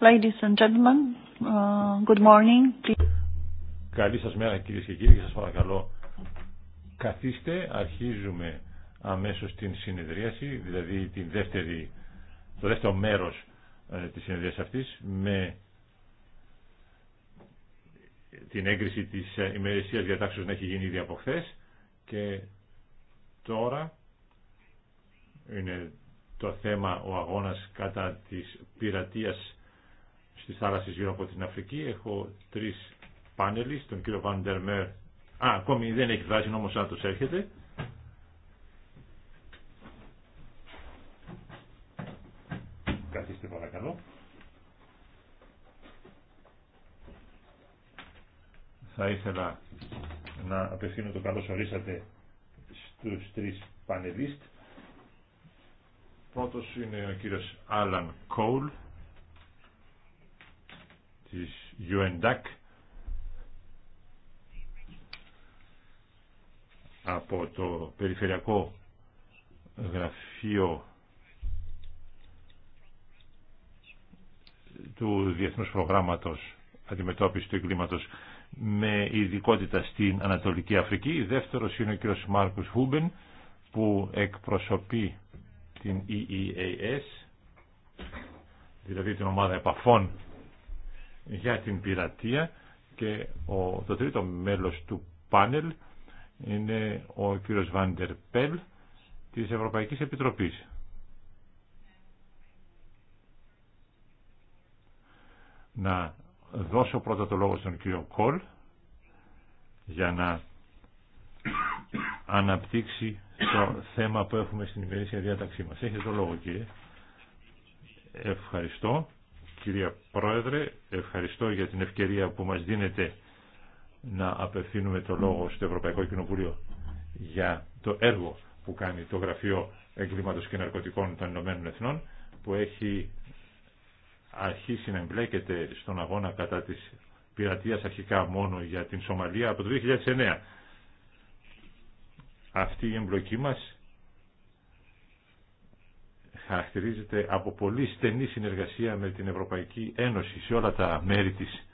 Ladies and gentlemen, uh, good morning. Καλή σας μέρα κυρίες και κύριοι, σας παρακαλώ καθίστε, αρχίζουμε αμέσως την συνεδρίαση, δηλαδή την το δεύτερο μέρος ε, της συνεδρίας αυτής με την έγκριση της ε, ημερησίας διατάξεως να έχει γίνει ήδη από χθε και τώρα είναι το θέμα ο αγώνας κατά της πειρατείας Τη θάλασσα γύρω από την Αφρική. Έχω τρει πάνελις, τον κύριο Βαντερ Α, ακόμη δεν έχει φτάσει, όμω αν του έρχεται. Καθίστε παρακαλώ. Θα ήθελα να απευθύνω το καλώς ορίσατε στους τρεις πανελίστ. Πρώτος είναι ο κύριος Άλαν Κόουλ, της UNDAC από το Περιφερειακό Γραφείο του Διεθνούς Προγράμματος Αντιμετώπισης του Εγκλήματος με ειδικότητα στην Ανατολική Αφρική. Δεύτερος είναι ο κ. Μάρκους Χούμπεν που εκπροσωπεί την EEAS δηλαδή την ομάδα επαφών για την πειρατεία και ο, το τρίτο μέλος του πάνελ είναι ο κύριος Βάντερ Πέλ της Ευρωπαϊκής Επιτροπής. Να δώσω πρώτα το λόγο στον κύριο Κόλ για να αναπτύξει το θέμα που έχουμε στην ημερήσια διάταξή μας. Έχετε το λόγο κύριε. Ευχαριστώ. Κυρία Πρόεδρε, ευχαριστώ για την ευκαιρία που μας δίνετε να απευθύνουμε το λόγο στο Ευρωπαϊκό Κοινοβούλιο για το έργο που κάνει το Γραφείο Εγκλήματος και Ναρκωτικών των Ηνωμένων Εθνών που έχει αρχίσει να εμπλέκεται στον αγώνα κατά της πειρατείας αρχικά μόνο για την Σομαλία από το 2009. Αυτή η εμπλοκή μας χαρακτηρίζεται από πολύ στενή συνεργασία με την Ευρωπαϊκή Ένωση σε όλα τα μέρη της.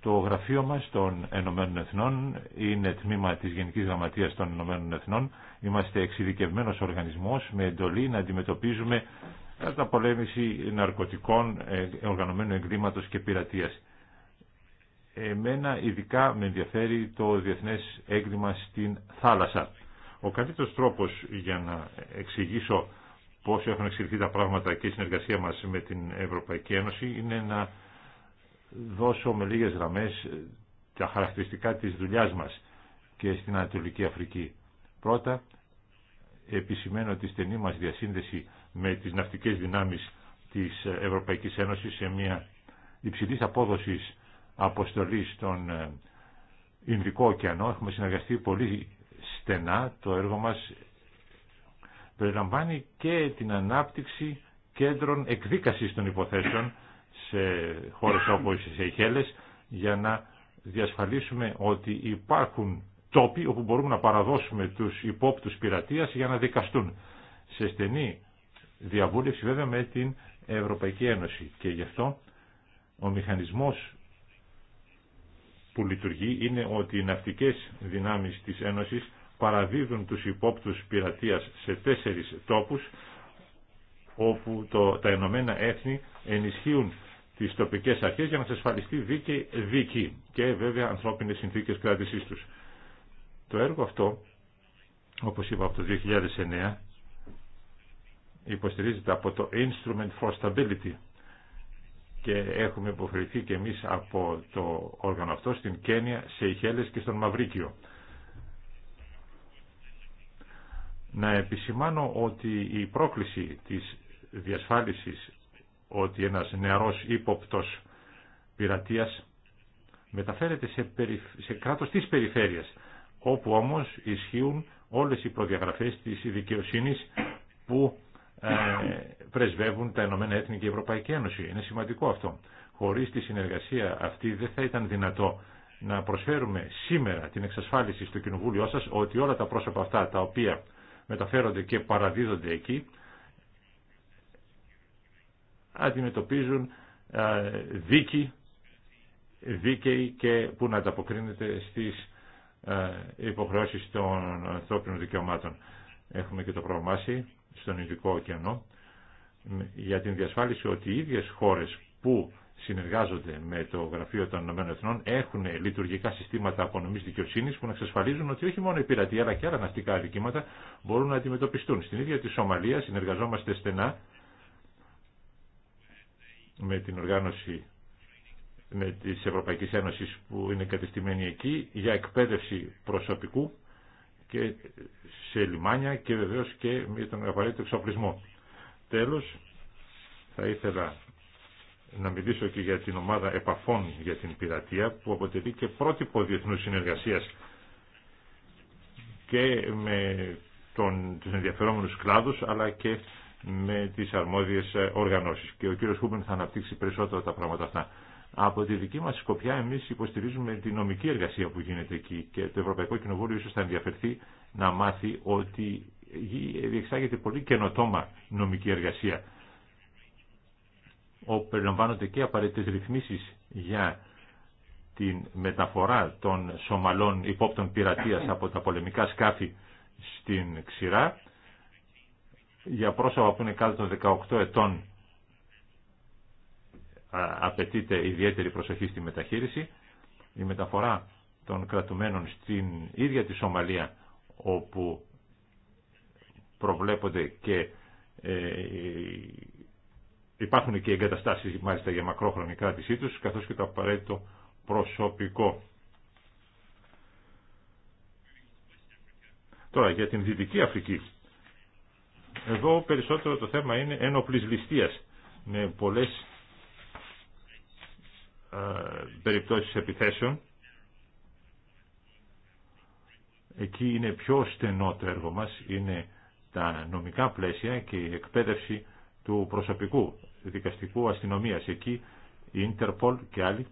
Το γραφείο μας των Ενωμένων Εθνών είναι τμήμα της Γενικής Γραμματείας των Ενωμένων Εθνών. Είμαστε εξειδικευμένος οργανισμός με εντολή να αντιμετωπίζουμε κατά πολέμηση ναρκωτικών, ε, οργανωμένου εγκλήματος και πειρατείας. Εμένα ειδικά με ενδιαφέρει το διεθνές έγκλημα στην θάλασσα. Ο καλύτερος τρόπος για να εξηγήσω πόσο έχουν εξελιχθεί τα πράγματα και η συνεργασία μας με την Ευρωπαϊκή Ένωση είναι να δώσω με λίγες γραμμές τα χαρακτηριστικά της δουλειάς μας και στην Ανατολική Αφρική. Πρώτα, επισημαίνω τη στενή μας διασύνδεση με τις ναυτικές δυνάμεις της Ευρωπαϊκής Ένωσης σε μια υψηλή απόδοση αποστολή στον ε, Ινδικό ωκεανό. Έχουμε συνεργαστεί πολύ στενά. Το έργο μας περιλαμβάνει και την ανάπτυξη κέντρων εκδίκασης των υποθέσεων σε χώρες όπως οι Σεϊχέλες για να διασφαλίσουμε ότι υπάρχουν τόποι όπου μπορούμε να παραδώσουμε τους υπόπτους πειρατείας για να δικαστούν. Σε στενή διαβούλευση βέβαια με την Ευρωπαϊκή Ένωση και γι' αυτό ο μηχανισμός που λειτουργεί είναι ότι οι ναυτικές δυνάμεις της Ένωσης παραδίδουν τους υπόπτους πειρατείας σε τέσσερις τόπους όπου το, τα Ηνωμένα Έθνη ενισχύουν τις τοπικές αρχές για να ασφαλιστεί δίκαιη δίκη και βέβαια ανθρώπινες συνθήκες κράτησής τους. Το έργο αυτό, όπως είπα από το 2009, υποστηρίζεται από το Instrument for Stability και έχουμε υποφερθεί και εμείς από το όργανο αυτό στην Κένια, σε Ιχέλες και στον Μαυρίκιο. Να επισημάνω ότι η πρόκληση της διασφάλισης ότι ένας νεαρός ύποπτος πειρατείας μεταφέρεται σε, σε κράτος της περιφέρειας, όπου όμως ισχύουν όλες οι προδιαγραφές της δικαιοσύνη που ε, πρεσβεύουν τα Ηνωμένα Έθνη και η Ευρωπαϊκή Ένωση. Είναι σημαντικό αυτό. Χωρίς τη συνεργασία αυτή δεν θα ήταν δυνατό να προσφέρουμε σήμερα την εξασφάλιση στο Κοινοβούλιο σας ότι όλα τα πρόσωπα αυτά τα οποία μεταφέρονται και παραδίδονται εκεί αντιμετωπίζουν δίκη, δίκαιη και που να ανταποκρίνεται στις υποχρεώσεις των ανθρώπινων δικαιωμάτων. Έχουμε και το προγραμμάσι στον Ειδικό Ωκεανό για την διασφάλιση ότι οι ίδιες χώρες που συνεργάζονται με το Γραφείο των Εθνών έχουν λειτουργικά συστήματα απονομής δικαιοσύνης που να εξασφαλίζουν ότι όχι μόνο η πειρατεία αλλά και άλλα ναυτικά αδικήματα μπορούν να αντιμετωπιστούν. Στην ίδια τη Σομαλία συνεργαζόμαστε στενά με την οργάνωση με της Ευρωπαϊκής Ένωσης που είναι κατεστημένη εκεί για εκπαίδευση προσωπικού και σε λιμάνια και βεβαίως και με τον απαραίτητο εξοπλισμό. Τέλος, θα ήθελα να μιλήσω και για την ομάδα επαφών για την πειρατεία που αποτελεί και πρότυπο διεθνούς συνεργασίας και με τον, τους ενδιαφερόμενους κλάδους αλλά και με τις αρμόδιες οργανώσεις. Και ο κύριος Χούμπεν θα αναπτύξει περισσότερα τα πράγματα αυτά. Από τη δική μας σκοπιά εμείς υποστηρίζουμε τη νομική εργασία που γίνεται εκεί και το Ευρωπαϊκό Κοινοβούλιο ίσως θα ενδιαφερθεί να μάθει ότι διεξάγεται πολύ καινοτόμα νομική εργασία όπου περιλαμβάνονται και απαραίτητες ρυθμίσεις για την μεταφορά των Σομαλών υπόπτων πειρατείας από τα πολεμικά σκάφη στην ξηρά για πρόσωπα που είναι κάτω των 18 ετών απαιτείται ιδιαίτερη προσοχή στη μεταχείριση η μεταφορά των κρατουμένων στην ίδια τη Σομαλία όπου προβλέπονται και ε, Υπάρχουν και εγκαταστάσεις μάλιστα για μακρόχρονη κράτησή τους, καθώς και το απαραίτητο προσωπικό. Τώρα για την Δυτική Αφρική. Εδώ περισσότερο το θέμα είναι ένοπλης ληστείας με πολλές ε, περιπτώσεις επιθέσεων. Εκεί είναι πιο στενό το έργο μας, είναι τα νομικά πλαίσια και η εκπαίδευση του προσωπικού δικαστικού αστυνομίας. Εκεί η Ιντερπολ και άλλοι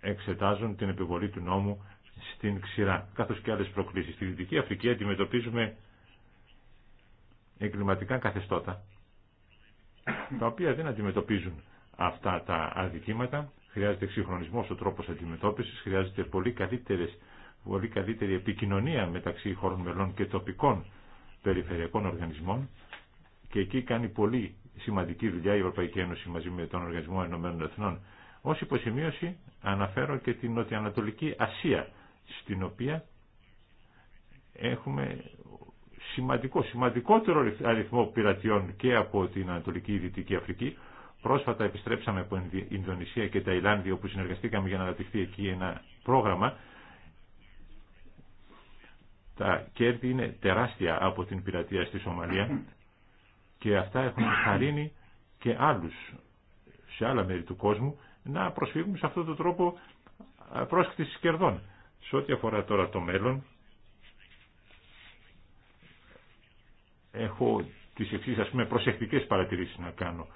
εξετάζουν την επιβολή του νόμου στην ξηρά, καθώς και άλλες προκλήσεις. Στη Δυτική Αφρική αντιμετωπίζουμε εγκληματικά καθεστώτα, τα οποία δεν αντιμετωπίζουν αυτά τα αδικήματα. Χρειάζεται εξυγχρονισμό ο τρόπος αντιμετώπισης, χρειάζεται πολύ, πολύ καλύτερη επικοινωνία μεταξύ χωρών μελών και τοπικών περιφερειακών οργανισμών και εκεί κάνει πολύ σημαντική δουλειά η Ευρωπαϊκή Ένωση μαζί με τον Οργανισμό Ενωμένων Εθνών. Ως υποσημείωση αναφέρω και την Νοτιοανατολική Ασία, στην οποία έχουμε σημαντικό, σημαντικότερο αριθμό πειρατιών και από την Ανατολική Δυτική Αφρική. Πρόσφατα επιστρέψαμε από Ινδονησία και Ταϊλάνδη όπου συνεργαστήκαμε για να αναπτυχθεί εκεί ένα πρόγραμμα. Τα κέρδη είναι τεράστια από την πειρατεία στη Σομαλία και αυτά έχουν χαρίνει και άλλους σε άλλα μέρη του κόσμου να προσφύγουν σε αυτόν τον τρόπο πρόσκλησης κερδών. Σε ό,τι αφορά τώρα το μέλλον, έχω τις εξής ας πούμε προσεκτικές παρατηρήσεις να κάνω.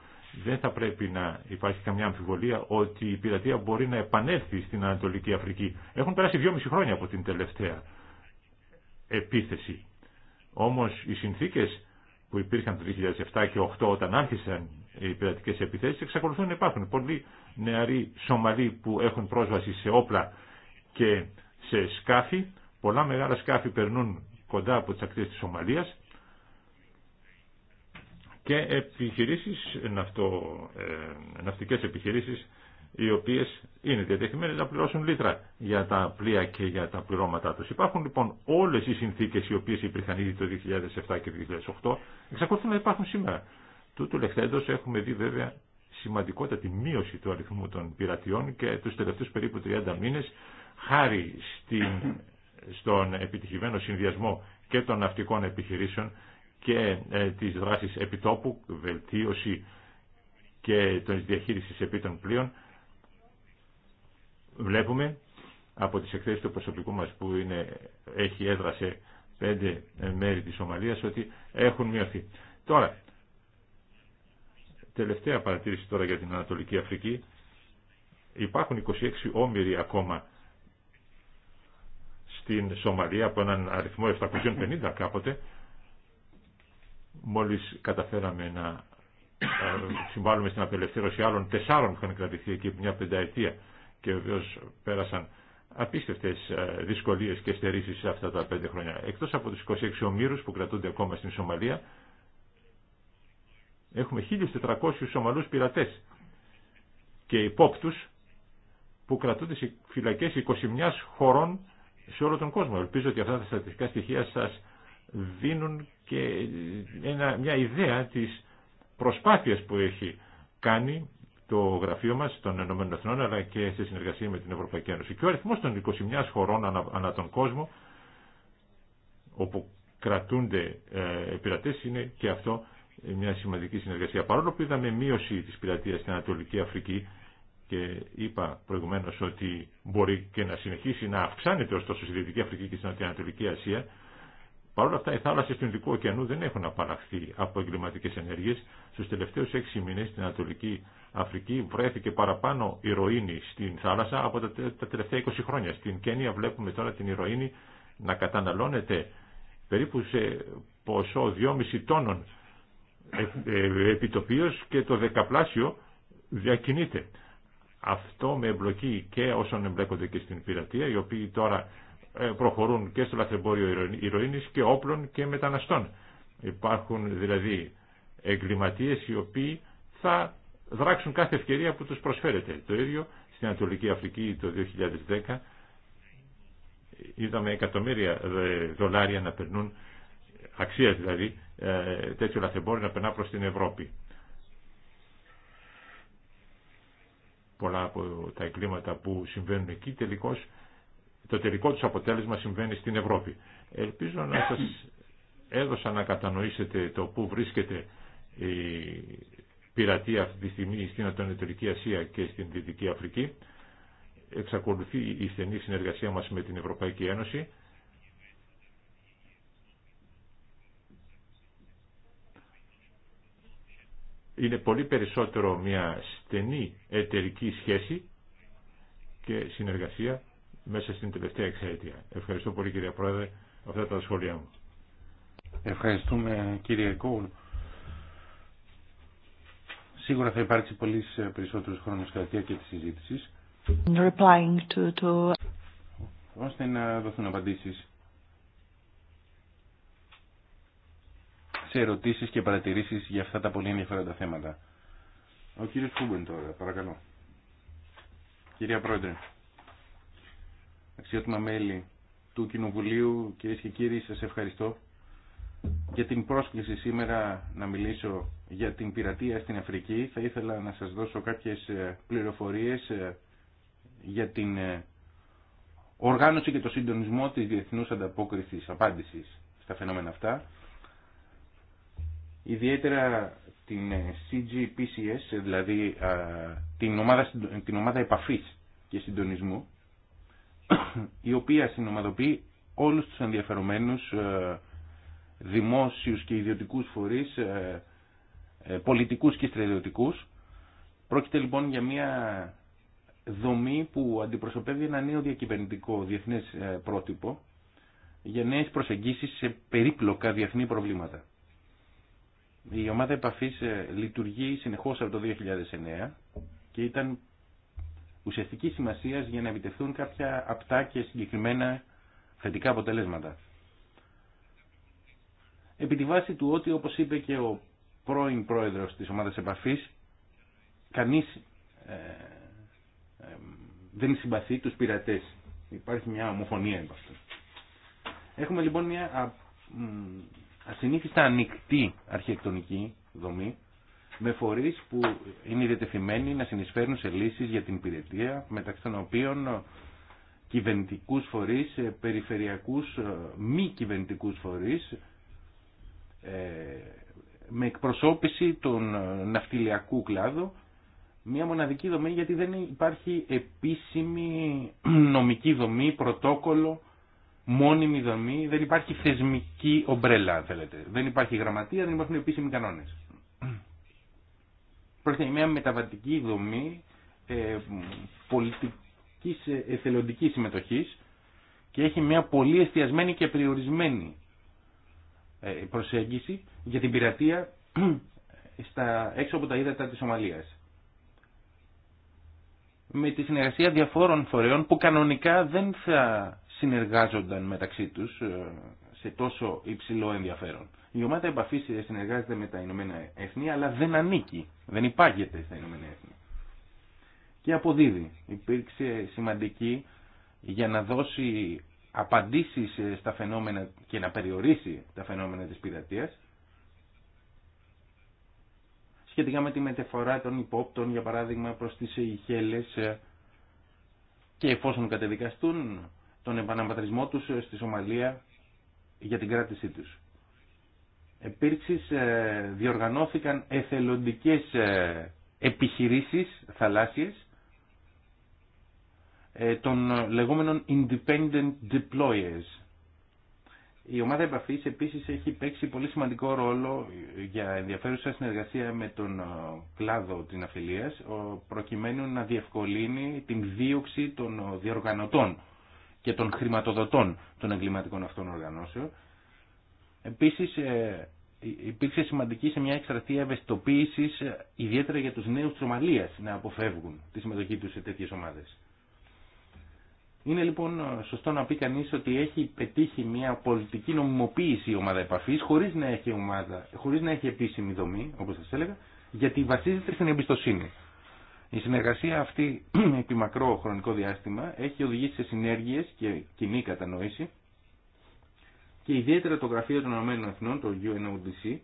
Δεν θα πρέπει να υπάρχει καμιά αμφιβολία ότι η πειρατεία μπορεί να επανέλθει στην Ανατολική Αφρική. Έχουν περάσει δυόμιση χρόνια από την τελευταία επίθεση. Όμως οι συνθήκες που υπήρχαν το 2007 και 2008 όταν άρχισαν οι πειρατικέ επιθέσει, εξακολουθούν να υπάρχουν. Πολλοί νεαροί Σομαλοί που έχουν πρόσβαση σε όπλα και σε σκάφη, πολλά μεγάλα σκάφη περνούν κοντά από τι ακτέ τη Σομαλίας και επιχειρήσεις, ναυτο, ε, ναυτικές επιχειρήσεις οι οποίες είναι διατεθειμένες να πληρώσουν λίτρα για τα πλοία και για τα πληρώματά τους. Υπάρχουν λοιπόν όλες οι συνθήκες οι οποίες υπήρχαν ήδη το 2007 και το 2008, εξακολουθούν να υπάρχουν σήμερα. Τούτου λεχθέντος έχουμε δει βέβαια σημαντικότατη μείωση του αριθμού των πειρατιών και του τελευταίους περίπου 30 μήνες χάρη στην, στον επιτυχημένο συνδυασμό και των ναυτικών επιχειρήσεων και ε, της δράσης επιτόπου, βελτίωση και της διαχείρισης επί των πλοίων βλέπουμε από τις εκθέσεις του προσωπικού μας που είναι, έχει έδρα σε πέντε ε, μέρη της Σομαλίας ότι έχουν μειωθεί. Τώρα, τελευταία παρατήρηση τώρα για την Ανατολική Αφρική. Υπάρχουν 26 όμοιροι ακόμα στην Σομαλία από έναν αριθμό 750 κάποτε. Μόλις καταφέραμε να ε, συμβάλλουμε στην απελευθέρωση άλλων τεσσάρων που είχαν κρατηθεί εκεί μια πενταετία και βεβαίω πέρασαν απίστευτε δυσκολίε και στερήσει σε αυτά τα πέντε χρόνια. Εκτό από του 26 ομήρου που κρατούνται ακόμα στην Σομαλία, έχουμε 1.400 Σομαλού πειρατέ και υπόπτου που κρατούνται σε φυλακέ 21 χωρών σε όλο τον κόσμο. Ελπίζω ότι αυτά τα στατιστικά στοιχεία σα δίνουν και μια ιδέα της προσπάθειας που έχει κάνει το γραφείο μας των Εθνών αλλά και σε συνεργασία με την Ευρωπαϊκή Ένωση. Και ο αριθμός των 21 χωρών ανα, ανα τον κόσμο όπου κρατούνται ε, είναι και αυτό μια σημαντική συνεργασία. Παρόλο που είδαμε μείωση της πειρατείας στην Ανατολική Αφρική και είπα προηγουμένως ότι μπορεί και να συνεχίσει να αυξάνεται ωστόσο στη Δυτική Αφρική και στην Ανατολική Ασία Παρ' όλα αυτά, οι θάλασσε του Ινδικού ωκεανού δεν έχουν απαλλαχθεί από εγκληματικέ ενέργειε. Στου τελευταίου έξι μήνε στην Ανατολική Αφρική βρέθηκε παραπάνω ηρωίνη στην θάλασσα από τα τελευταία 20 χρόνια. Στην Κένια βλέπουμε τώρα την ηρωίνη να καταναλώνεται περίπου σε ποσό 2,5 τόνων ε, ε, επιτοπίω και το δεκαπλάσιο διακινείται. Αυτό με εμπλοκή και όσων εμπλέκονται και στην πειρατεία, οι οποίοι τώρα ε, προχωρούν και στο λαθρεμπόριο ηρωίνης και όπλων και μεταναστών. Υπάρχουν δηλαδή εγκληματίες οι οποίοι θα δράξουν κάθε ευκαιρία που τους προσφέρεται. Το ίδιο στην Ανατολική Αφρική το 2010 είδαμε εκατομμύρια δολάρια να περνούν, αξία δηλαδή, ε, τέτοιο λαθρεμπόριο να περνά προς την Ευρώπη. Πολλά από τα εγκλήματα που συμβαίνουν εκεί τελικώς το τελικό τους αποτέλεσμα συμβαίνει στην Ευρώπη. Ελπίζω να σας έδωσα να κατανοήσετε το πού βρίσκεται η πειρατεία αυτή τη στιγμή στην Ανατολική Ασία και στην Δυτική Αφρική. Εξακολουθεί η στενή συνεργασία μας με την Ευρωπαϊκή Ένωση. είναι πολύ περισσότερο μια στενή εταιρική σχέση και συνεργασία μέσα στην τελευταία εξαιτία. Ευχαριστώ πολύ κύριε Πρόεδρε αυτά τα σχόλιά μου. Ευχαριστούμε κύριε Κούλ. Σίγουρα θα υπάρξει πολύ ε, περισσότερος χρόνος κατά τη συζήτηση. της To, to... Ώστε να δοθούν απαντήσει. σε ερωτήσει και παρατηρήσεις για αυτά τα πολύ ενδιαφέροντα θέματα. Ο κύριος Κούμπεν τώρα, παρακαλώ. Κυρία Πρόεδρε αξιότιμα μέλη του Κοινοβουλίου, κύριε και κύριοι, σα ευχαριστώ για την πρόσκληση σήμερα να μιλήσω για την πειρατεία στην Αφρική. Θα ήθελα να σας δώσω κάποιες ε, πληροφορίες ε, για την ε, οργάνωση και το συντονισμό της διεθνούς ανταπόκρισης απάντησης στα φαινόμενα αυτά. Ιδιαίτερα την CGPCS, δηλαδή την ομάδα, την ομάδα επαφής και συντονισμού, η οποία συνομαδοποιεί όλους τους ενδιαφερομένους ε, δημόσιους και ιδιωτικούς φορείς, ε, ε, πολιτικούς και στρατιωτικούς. Πρόκειται λοιπόν για μια δομή που αντιπροσωπεύει ένα νέο διακυβερνητικό διεθνές πρότυπο για νέες προσεγγίσεις σε περίπλοκα διεθνή προβλήματα. Η ομάδα επαφής λειτουργεί συνεχώς από το 2009 και ήταν Ουσιαστική σημασία για να επιτευχθούν κάποια απτά και συγκεκριμένα θετικά αποτελέσματα. Επί τη βάση του ότι, όπως είπε και ο πρώην πρόεδρος της ομάδας επαφής, κανείς ε, ε δεν συμπαθεί τους πειρατές. Υπάρχει μια ομοφωνία επ' Έχουμε λοιπόν μια ασυνήθιστα ανοιχτή αρχιεκτονική δομή με φορεί που είναι διατεθειμένοι να συνεισφέρουν σε λύσει για την υπηρετία, μεταξύ των οποίων ε, κυβερνητικού φορείς, ε, περιφερειακούς ε, μη κυβερνητικού φορείς, με εκπροσώπηση των ναυτιλιακού κλάδου, μια μοναδική δομή γιατί δεν υπάρχει επίσημη νομική δομή, πρωτόκολλο, μόνιμη δομή, δεν υπάρχει θεσμική ομπρέλα θέλετε. Δεν υπάρχει γραμματεία, δεν υπάρχουν επίσημοι κανόνες για μια μεταβατική δομή ε, πολιτικής ε, εθελοντικής συμμετοχής και έχει μια πολύ εστιασμένη και περιορισμένη ε, προσέγγιση για την πειρατεία στα, έξω από τα ύδατα της Σομαλίας. Με τη συνεργασία διαφόρων φορέων που κανονικά δεν θα συνεργάζονταν μεταξύ τους ε, σε τόσο υψηλό ενδιαφέρον. Η ομάδα επαφή συνεργάζεται με τα Ηνωμένα Έθνη, αλλά δεν ανήκει, δεν υπάγεται στα Ηνωμένα Έθνη. Και αποδίδει. Υπήρξε σημαντική για να δώσει απαντήσεις στα φαινόμενα και να περιορίσει τα φαινόμενα της πειρατείας σχετικά με τη μεταφορά των υπόπτων για παράδειγμα προς τις Ιχέλες και εφόσον κατεδικαστούν τον επαναπατρισμό τους στη Σομαλία για την κράτησή τους. Επίση ε, διοργανώθηκαν εθελοντικές ε, επιχειρήσεις θαλάσσιες ε, των λεγόμενων independent deployers. Η ομάδα επαφής επίσης έχει παίξει πολύ σημαντικό ρόλο για ενδιαφέρουσα συνεργασία με τον κλάδο της αφιλίας προκειμένου να διευκολύνει την δίωξη των διοργανωτών και των χρηματοδοτών των εγκληματικών αυτών οργανώσεων Επίσης ε, υπήρξε σημαντική σε μια εκστρατεία ευαισθητοποίησης ε, ιδιαίτερα για τους νέους της να αποφεύγουν τη συμμετοχή τους σε τέτοιες ομάδες. Είναι λοιπόν ε, σωστό να πει κανείς ότι έχει πετύχει μια πολιτική νομιμοποίηση η ομάδα επαφή χωρί να, έχει ομάδα, χωρίς να έχει επίσημη δομή, όπω σα έλεγα, γιατί βασίζεται στην εμπιστοσύνη. Η συνεργασία αυτή επί μακρό χρονικό διάστημα έχει οδηγήσει σε συνέργειες και κοινή κατανόηση και ιδιαίτερα το Γραφείο των Ηνωμένων Εθνών, το UNODC,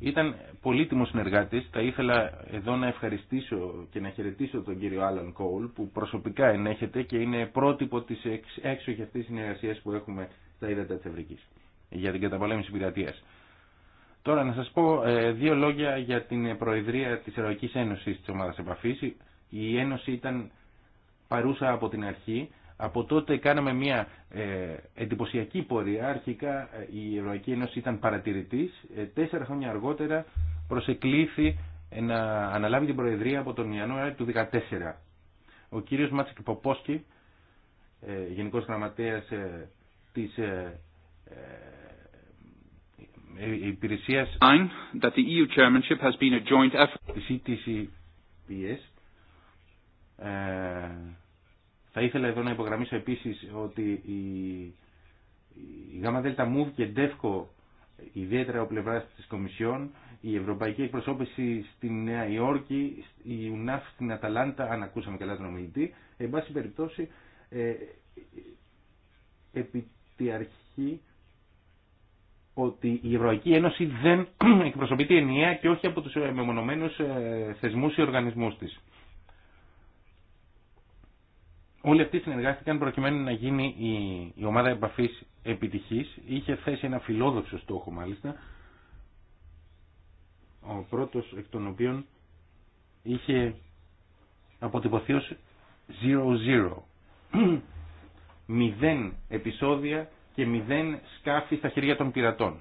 ήταν πολύτιμο συνεργάτη. Θα ήθελα εδώ να ευχαριστήσω και να χαιρετήσω τον κύριο Άλαν Κόουλ που προσωπικά ενέχεται και είναι πρότυπο τη έξοχη αυτή συνεργασία που έχουμε στα ύδατα τη Ευρική για την καταπολέμηση πειρατεία. Τώρα να σα πω ε, δύο λόγια για την Προεδρία τη Ευρωπαϊκή Ένωση τη Ομάδα Επαφή. Η Ένωση ήταν παρούσα από την αρχή από τότε κάναμε μια ε, εντυπωσιακή πορεία. Αρχικά ε, η Ευρωπαϊκή Ένωση ήταν παρατηρητής. Ε, τέσσερα χρόνια αργότερα προσεκλήθη να αναλάβει την Προεδρία από τον Ιανουάριο του 2014. Ο κύριος Μάτσικ Ποπόσκι, ε, Γενικός Γραμματέας της υπηρεσίας that e της e θα ήθελα εδώ να υπογραμμίσω επίσης ότι η ΓΔ Move και ΔΕΦΚΟ ιδιαίτερα ο πλευράς της Κομισιόν, η Ευρωπαϊκή Εκπροσώπηση στη Νέα Υόρκη, η UNAF στην Αταλάντα, αν ακούσαμε καλά τον ομιλητή, εν πάση περιπτώσει, ε, επί τη αρχή ότι η Ευρωπαϊκή Ένωση δεν εκπροσωπείται ενιαία και όχι από τους ε, μεμονωμένους ε, θεσμούς ή οργανισμούς της. Όλοι αυτοί συνεργάστηκαν προκειμένου να γίνει η, ομάδα επαφή επιτυχής. Είχε θέσει ένα φιλόδοξο στόχο μάλιστα. Ο πρώτος εκ των οποίων είχε αποτυπωθεί ω 0-0. μηδέν επεισόδια και μηδέν σκάφη στα χέρια των πειρατών.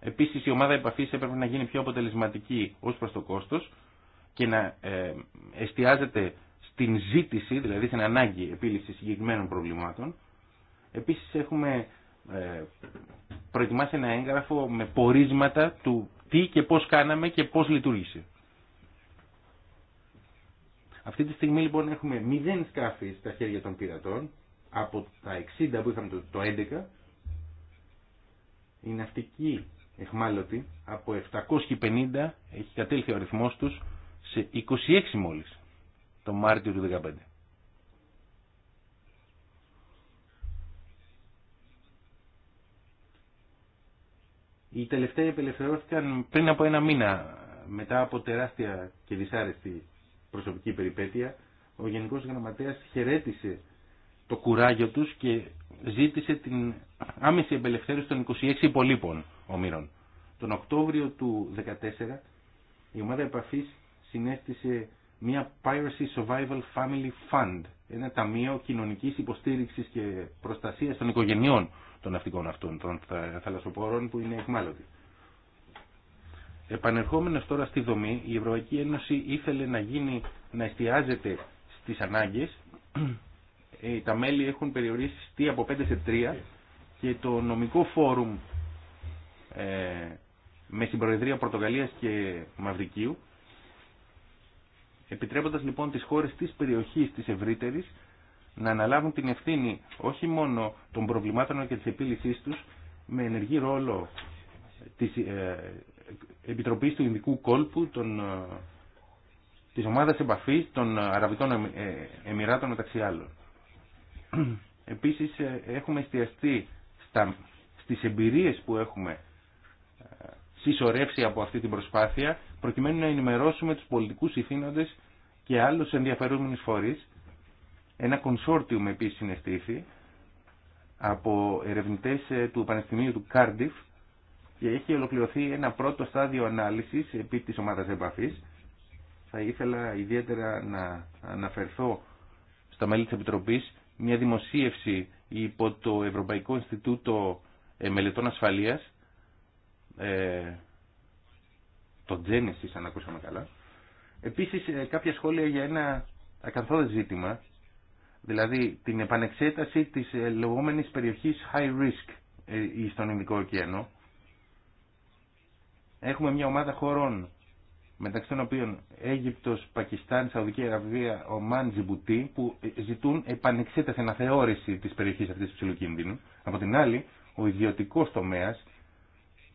Επίσης η ομάδα επαφής έπρεπε να γίνει πιο αποτελεσματική ως προς το κόστος και να ε, εστιάζεται στην ζήτηση, δηλαδή στην ανάγκη επίλυσης συγκεκριμένων προβλημάτων. Επίσης έχουμε ε, προετοιμάσει ένα έγγραφο με πορίσματα του τι και πώς κάναμε και πώς λειτουργήσε. Αυτή τη στιγμή λοιπόν έχουμε μηδέν σκάφη στα χέρια των πειρατών από τα 60 που είχαμε το 11 η ναυτική εχμάλωτη από 750 έχει κατέλθει ο αριθμός τους σε 26 μόλις το Μάρτιο του 2015. Οι τελευταίοι απελευθερώθηκαν πριν από ένα μήνα μετά από τεράστια και δυσάρεστη προσωπική περιπέτεια. Ο Γενικός Γραμματέας χαιρέτησε το κουράγιο τους και ζήτησε την άμεση απελευθέρωση των 26 υπολείπων ομήρων. Τον Οκτώβριο του 2014 η ομάδα επαφής συνέστησε μια Piracy Survival Family Fund, ένα ταμείο κοινωνικής υποστήριξης και προστασίας των οικογενειών των ναυτικών αυτών, των θαλασσοπορών που είναι εκμάλωτοι. Επανερχόμενος τώρα στη δομή, η Ευρωπαϊκή Ένωση ήθελε να, γίνει, να εστιάζεται στις ανάγκες. Ε, τα μέλη έχουν τι από 5 σε 3 και το νομικό φόρουμ ε, με συμπροεδρία Πορτογαλίας και Μαυρικίου επιτρέποντας λοιπόν τις χώρες της περιοχής της ευρύτερης να αναλάβουν την ευθύνη όχι μόνο των προβλημάτων και της επίλυσής τους με ενεργή ρόλο της ε, Επιτροπής του Ινδικού Κόλπου, των, ε, της ομάδας επαφής των Αραβικών ε, Εμμυράτων μεταξύ άλλων. Επίσης έχουμε εστιαστεί στα, στις εμπειρίες που έχουμε συσσωρεύσει από αυτή την προσπάθεια προκειμένου να ενημερώσουμε τους πολιτικούς ηθήνοντες και άλλους ενδιαφερόμενους φορείς. Ένα κονσόρτιουμ επίσης συνεστήθη από ερευνητές ε, του Πανεπιστημίου του Κάρντιφ και έχει ολοκληρωθεί ένα πρώτο στάδιο ανάλυσης επί της ομάδας επαφής. Θα ήθελα ιδιαίτερα να αναφερθώ στα μέλη της Επιτροπής μια δημοσίευση υπό το Ευρωπαϊκό Ινστιτούτο ε, Μελετών Ασφαλείας ε, το Genesis αν ακούσαμε καλά. Επίσης ε, κάποια σχόλια για ένα ακαθόδες ζήτημα, δηλαδή την επανεξέταση της ε, λεγόμενης περιοχής high risk ε, στον Ινδικό ωκεανό. Έχουμε μια ομάδα χωρών μεταξύ των οποίων Αίγυπτος, Πακιστάν, Σαουδική Αραβία, Ομάν, Τζιμπουτί, που ζητούν επανεξέταση, αναθεώρηση της περιοχής αυτής του ψηλού Από την άλλη, ο ιδιωτικός τομέας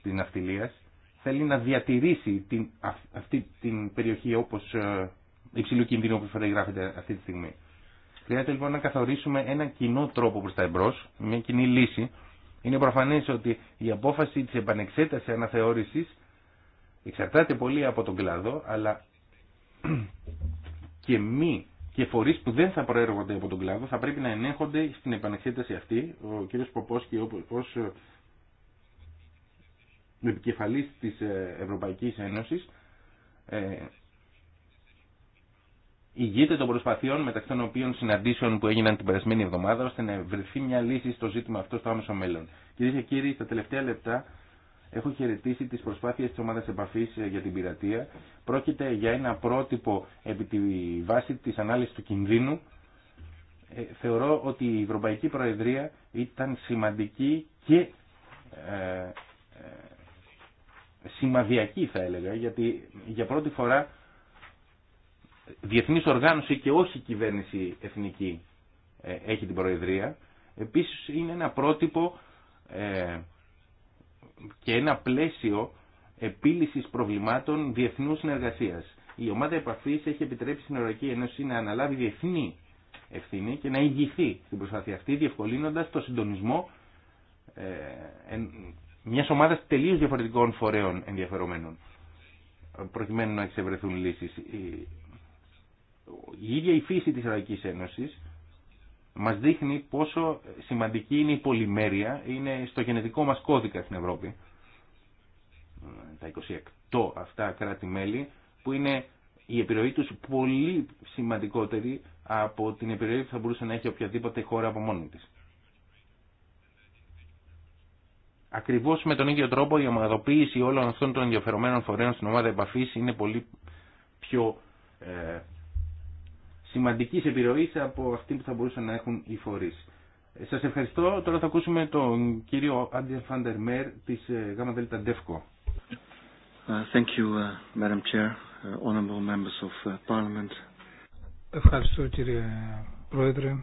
της ναυτιλίας θέλει να διατηρήσει την, αυτή την περιοχή όπως ε, υψηλού κινδύνου που περιγράφεται αυτή τη στιγμή. Χρειάζεται λοιπόν να καθορίσουμε ένα κοινό τρόπο προς τα εμπρός, μια κοινή λύση. Είναι προφανές ότι η απόφαση της επανεξέτασης αναθεώρησης εξαρτάται πολύ από τον κλάδο, αλλά και μη και φορείς που δεν θα προέρχονται από τον κλάδο θα πρέπει να ενέχονται στην επανεξέταση αυτή. Ο κ. Ποπός και όπως με επικεφαλής της ε, Ευρωπαϊκής Ένωσης ε, ηγείται των προσπαθειών μεταξύ των οποίων συναντήσεων που έγιναν την περασμένη εβδομάδα ώστε να βρεθεί μια λύση στο ζήτημα αυτό στο άμεσο μέλλον. Κυρίε και κύριοι, στα τελευταία λεπτά έχω χαιρετήσει τις προσπάθειες της ομάδας επαφής ε, για την πειρατεία. Πρόκειται για ένα πρότυπο επί τη βάση της ανάλυσης του κινδύνου. Ε, θεωρώ ότι η Ευρωπαϊκή Προεδρία ήταν σημαντική και σημαδιακή θα έλεγα, γιατί για πρώτη φορά διεθνής οργάνωση και όχι κυβέρνηση εθνική ε, έχει την Προεδρία. Επίσης είναι ένα πρότυπο ε, και ένα πλαίσιο επίλυσης προβλημάτων διεθνούς συνεργασίας. Η ομάδα επαφής έχει επιτρέψει στην Ευρωπαϊκή Ένωση να αναλάβει διεθνή ευθύνη και να ηγηθεί στην προσπάθεια αυτή διευκολύνοντας το συντονισμό ε, μια ομάδα τελείω διαφορετικών φορέων ενδιαφερομένων προκειμένου να εξευρεθούν λύσει. Η ίδια η φύση τη Ευρωπαϊκή Ένωσης μας δείχνει πόσο σημαντική είναι η πολυμέρεια, είναι στο γενετικό μας κώδικα στην Ευρώπη. Τα 28 αυτά κράτη-μέλη που είναι η επιρροή του πολύ σημαντικότερη από την επιρροή που θα μπορούσε να έχει οποιαδήποτε χώρα από μόνη της. Ακριβώς με τον ίδιο τρόπο η ομαδοποίηση όλων αυτών των ενδιαφερομένων φορέων στην ομάδα επαφή είναι πολύ πιο ε, επιρροή επιρροής από αυτή που θα μπορούσαν να έχουν οι φορείς. Ε, σας ευχαριστώ. Τώρα θα ακούσουμε τον κύριο Άντιαν Φάντερ Μέρ της ε, ΓΔ ε, Ευχαριστώ κύριε Πρόεδρε,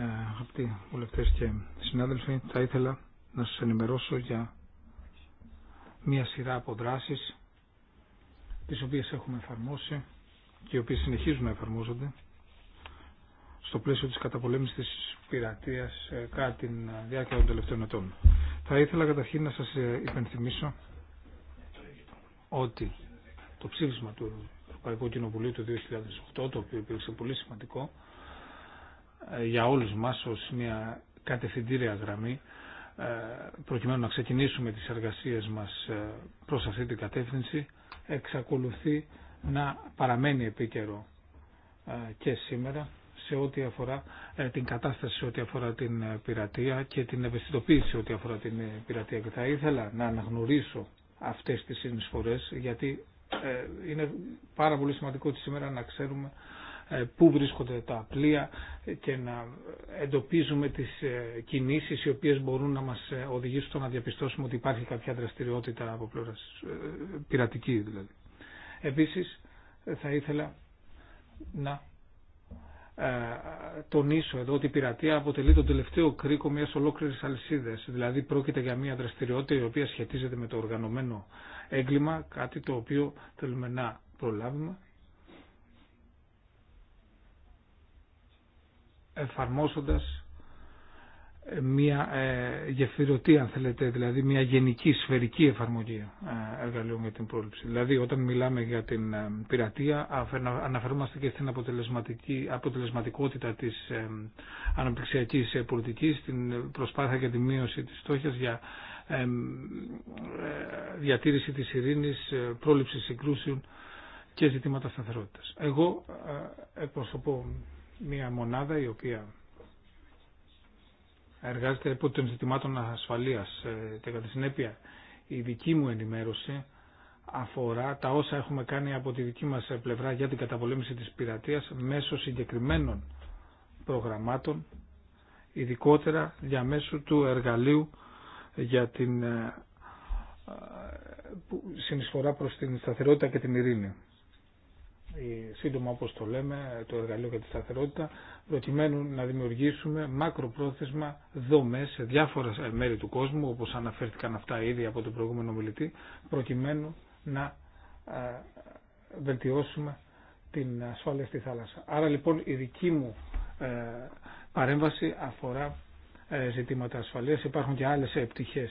ε, αγαπητοί βουλευτέ και συνάδελφοι, θα ήθελα να σας ενημερώσω για μία σειρά από δράσεις τις οποίες έχουμε εφαρμόσει και οι οποίες συνεχίζουν να εφαρμόζονται στο πλαίσιο της καταπολέμησης της πειρατείας ε, κατά τη διάρκεια των τελευταίων ετών. Θα ήθελα καταρχήν να σας ε, υπενθυμίσω ότι το ψήφισμα του Ευρωπαϊκού Κοινοβουλίου του 2008, το οποίο υπήρξε πολύ σημαντικό, για όλους μας ως μια κατευθυντήρια γραμμή ε, προκειμένου να ξεκινήσουμε τις εργασίες μας ε, προς αυτή την κατεύθυνση εξακολουθεί να παραμένει επίκαιρο ε, και σήμερα σε ό,τι αφορά την κατάσταση, σε ό,τι αφορά την πειρατεία και την ευαισθητοποίηση σε ό,τι αφορά την πειρατεία. Και θα ήθελα να αναγνωρίσω αυτές τις συνεισφορές γιατί είναι πάρα πολύ σημαντικό ότι σήμερα να ξέρουμε ε, πού βρίσκονται τα πλοία και να εντοπίζουμε τις ε, κινήσεις οι οποίες μπορούν να μας ε, οδηγήσουν στο να διαπιστώσουμε ότι υπάρχει κάποια δραστηριότητα από πλευράς πειρατική δηλαδή. Επίσης θα ήθελα να τονίσω εδώ ότι η πειρατεία αποτελεί τον τελευταίο κρίκο μιας ολόκληρης αλυσίδας. Δηλαδή πρόκειται για μια δραστηριότητα η οποία σχετίζεται με το οργανωμένο έγκλημα, κάτι το οποίο θέλουμε να προλάβουμε εφαρμόσοντας ε, μια ε, γεφυρωτή αν θέλετε, δηλαδή μια γενική σφαιρική εφαρμογή ε, εργαλείων για την πρόληψη. Δηλαδή όταν μιλάμε για την πειρατεία αναφερόμαστε και στην αποτελεσματικότητα της ε, αναπτυξιακής πολιτικής, την προσπάθεια για τη μείωση της στόχιας για διατήρηση της ειρήνης, πρόληψη συγκρούσεων και ζητήματα σταθερότητας. Εγώ εκπροσωπώ μια μονάδα η οποία εργάζεται υπό των ζητημάτων ασφαλείας ε, και κατά συνέπεια η δική μου ενημέρωση αφορά τα όσα έχουμε κάνει από τη δική μας πλευρά για την καταπολέμηση της πειρατείας μέσω συγκεκριμένων προγραμμάτων ειδικότερα διαμέσου του εργαλείου για την ε, ε, συνεισφορά προς την σταθερότητα και την ειρήνη. Ε, σύντομα όπως το λέμε, το εργαλείο για τη σταθερότητα, προκειμένου να δημιουργήσουμε μακροπρόθεσμα δομές σε διάφορα μέρη του κόσμου, όπως αναφέρθηκαν αυτά ήδη από τον προηγούμενο μιλητή, προκειμένου να ε, βελτιώσουμε την ασφάλεια στη θάλασσα. Άρα λοιπόν η δική μου ε, παρέμβαση αφορά ζητήματα ασφαλείας. Υπάρχουν και άλλες επιτυχίες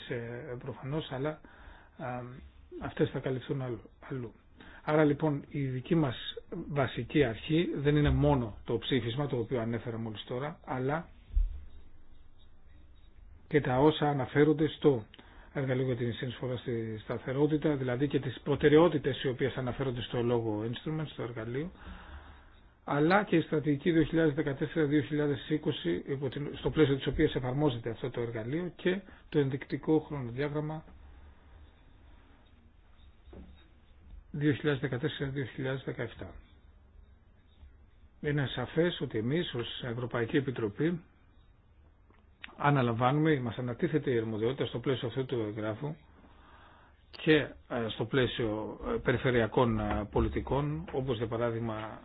προφανώς, αλλά αυτές θα καλυφθούν αλλού. Άρα λοιπόν η δική μας βασική αρχή δεν είναι μόνο το ψήφισμα το οποίο ανέφερα μόλις τώρα, αλλά και τα όσα αναφέρονται στο εργαλείο για την συνεισφορά στη σταθερότητα, δηλαδή και τις προτεραιότητες οι οποίες αναφέρονται στο λόγο instrument, στο εργαλείο, αλλά και η στρατηγική 2014-2020 στο πλαίσιο της οποίας εφαρμόζεται αυτό το εργαλείο και το ενδεικτικό χρονοδιάγραμμα 2014-2017. Είναι σαφές ότι εμείς ως Ευρωπαϊκή Επιτροπή αναλαμβάνουμε, μας ανατίθεται η ερμοδιότητα στο πλαίσιο αυτού του εγγράφου και ε, στο πλαίσιο ε, περιφερειακών ε, πολιτικών, όπως για παράδειγμα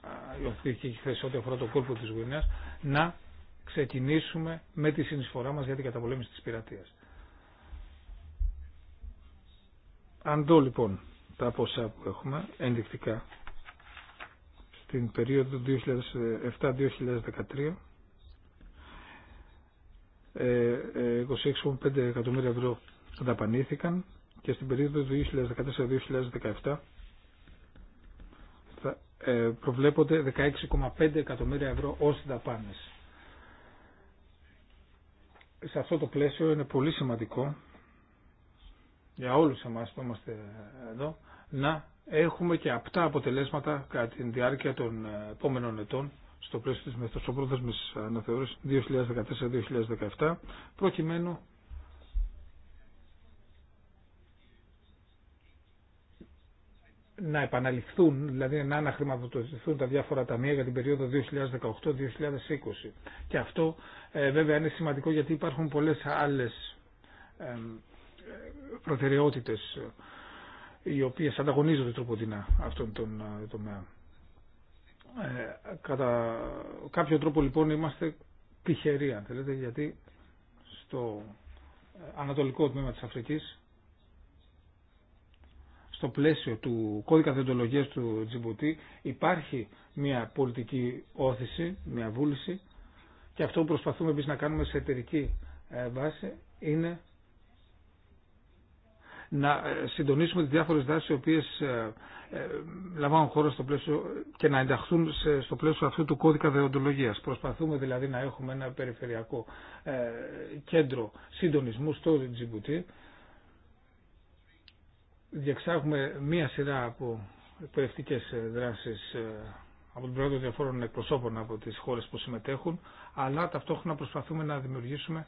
οθήκη χθε ό,τι αφορά το κόλπο της Γουινέας, να ξεκινήσουμε με τη συνεισφορά μας για την καταπολέμηση της πειρατείας. Αν λοιπόν τα ποσά που έχουμε ενδεικτικά στην περίοδο 2007-2013 26,5 ε, ε, εκατομμύρια ευρώ δαπανήθηκαν και στην περίοδο 2014-2017 ε, προβλέπονται 16,5 εκατομμύρια ευρώ ως δαπάνες. Σε αυτό το πλαίσιο είναι πολύ σημαντικό για όλους εμάς που είμαστε εδώ να έχουμε και αυτά αποτελέσματα κατά τη διάρκεια των ε, επόμενων ετών στο πλαίσιο της μεθοσοπρόθεσμης αναθεώρησης 2014-2017 προκειμένου να επαναληφθούν, δηλαδή να αναχρηματοδοτηθούν τα διάφορα ταμεία για την περίοδο 2018-2020. Και αυτό ε, βέβαια είναι σημαντικό γιατί υπάρχουν πολλές άλλες ε, ε προτεραιότητες οι οποίες ανταγωνίζονται τροποντινά αυτόν τον ε, τομέα. Ε, κατά κάποιο τρόπο λοιπόν είμαστε τυχεροί αν γιατί στο ανατολικό τμήμα της Αφρικής στο πλαίσιο του κώδικα διοντολογίας του Τζιμπουτή υπάρχει μια πολιτική όθηση, μια βούληση και αυτό που προσπαθούμε εμείς να κάνουμε σε εταιρική ε, βάση είναι να ε, συντονίσουμε τις διάφορες δράσεις οι οποίες ε, ε, λαμβάνουν χώρο στο πλαίσιο και να ενταχθούν στο πλαίσιο αυτού του κώδικα δεοντολογίας. Προσπαθούμε δηλαδή να έχουμε ένα περιφερειακό κέντρο συντονισμού στο Τζιμπουτί. Διεξάγουμε μία σειρά από εκπαιδευτικές δράσεις από την πλευρά των διαφόρων εκπροσώπων από τις χώρες που συμμετέχουν, αλλά ταυτόχρονα προσπαθούμε να δημιουργήσουμε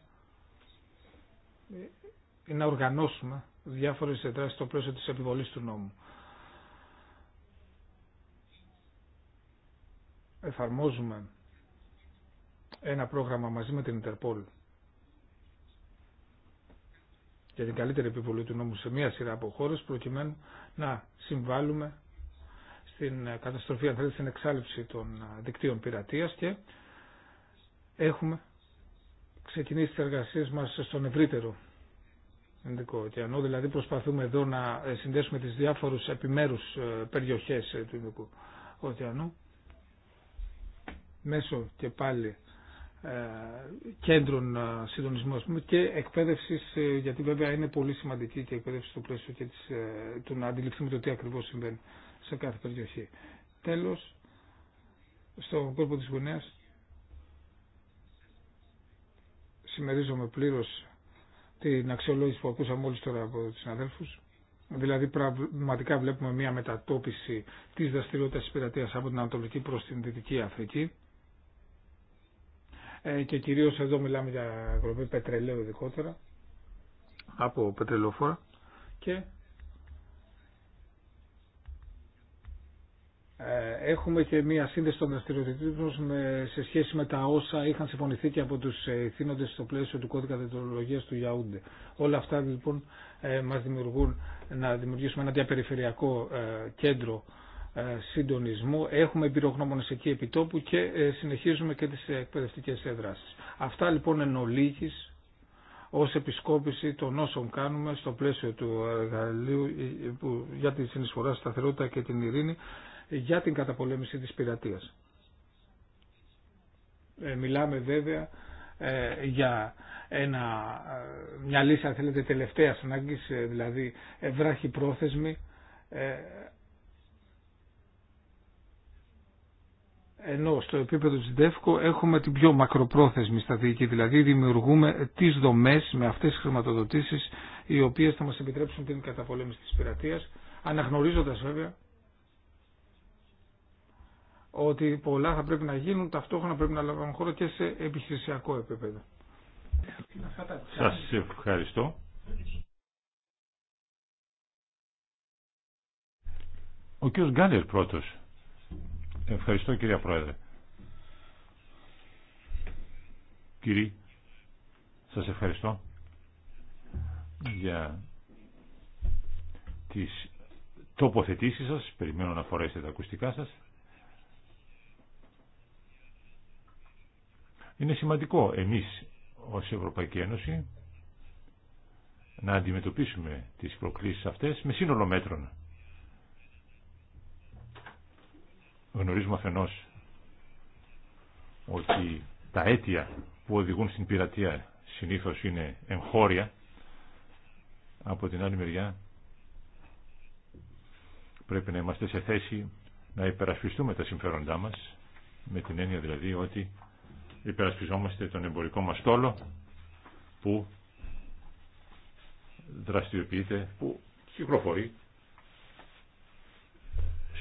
ή να οργανώσουμε διάφορες δράσεις στο πλαίσιο της επιβολής του νόμου. Εφαρμόζουμε ένα πρόγραμμα μαζί με την Interpol για την καλύτερη επιβολή του νόμου σε μία σειρά από χώρε προκειμένου να συμβάλλουμε στην καταστροφή, αν θέλετε, στην εξάλληψη των δικτύων πειρατεία και έχουμε ξεκινήσει τι εργασίε μα στον ευρύτερο ωκεανό. Δηλαδή προσπαθούμε εδώ να ε, συνδέσουμε τις διάφορους επιμέρους ε, περιοχές ε, του Ινδικού ωκεανού μέσω και πάλι κέντρων συντονισμού και εκπαίδευση, γιατί βέβαια είναι πολύ σημαντική και η εκπαίδευση στο πλαίσιο και της, του να αντιληφθούμε το τι ακριβώς συμβαίνει σε κάθε περιοχή. Τέλος, στον κόρπο τη γωνίας συμμερίζομαι πλήρως την αξιολόγηση που ακούσαμε μόλις τώρα από του συναδέλφου, Δηλαδή πραγματικά βλέπουμε μια μετατόπιση τη δραστηριότητα τη πειρατεία από την Ανατολική προ την Δυτική Αφρική. Ε, και κυρίω εδώ μιλάμε για αγροπή πετρελαίου ειδικότερα από πετρελοφόρα και Ε, έχουμε και μία σύνδεση των δραστηριοτήτων σε σχέση με τα όσα είχαν συμφωνηθεί και από τους ε, ηθήνοντες στο πλαίσιο του κώδικα δεντρολογίας του Ιαούντε. Όλα αυτά λοιπόν ε, μας δημιουργούν να δημιουργήσουμε ένα διαπεριφερειακό κέντρο συντονισμού. Έχουμε εμπειρογνώμονες εκεί επιτόπου και συνεχίζουμε και τις εκπαιδευτικές δράσεις. Αυτά λοιπόν εν ολίγης ως επισκόπηση των όσων κάνουμε στο πλαίσιο του εργαλείου για τη συνεισφορά σταθερότητα και την ειρήνη για την καταπολέμηση της πειρατείας. Ε, μιλάμε βέβαια ε, για ένα, ε, μια λύση αν θέλετε τελευταία ανάγκης, δηλαδή βράχη πρόθεσμη, ενώ στο επίπεδο της ΔΕΦΚΟ έχουμε την πιο μακροπρόθεσμη στρατηγική, δηλαδή δημιουργούμε τις δομές με αυτές τις χρηματοδοτήσεις οι οποίες θα μας επιτρέψουν την καταπολέμηση της πειρατείας, αναγνωρίζοντας βέβαια ότι πολλά θα πρέπει να γίνουν, ταυτόχρονα πρέπει να λαμβάνουν χώρο και σε επιχειρησιακό επίπεδο. Σας ευχαριστώ. Ο κύριος Γκάλερ πρώτος. Ευχαριστώ κυρία Πρόεδρε. Κύριοι, σας ευχαριστώ για τις τοποθετήσεις σας. Περιμένω να φορέσετε τα ακουστικά σας. Είναι σημαντικό εμείς ως Ευρωπαϊκή Ένωση να αντιμετωπίσουμε τις προκλήσεις αυτές με σύνολο μέτρων. Γνωρίζουμε αφενός ότι τα αίτια που οδηγούν στην πειρατεία συνήθως είναι εγχώρια. Από την άλλη μεριά πρέπει να είμαστε σε θέση να υπερασπιστούμε τα συμφέροντά μας με την έννοια δηλαδή ότι υπερασπιζόμαστε τον εμπορικό μας στόλο που δραστηριοποιείται, που κυκλοφορεί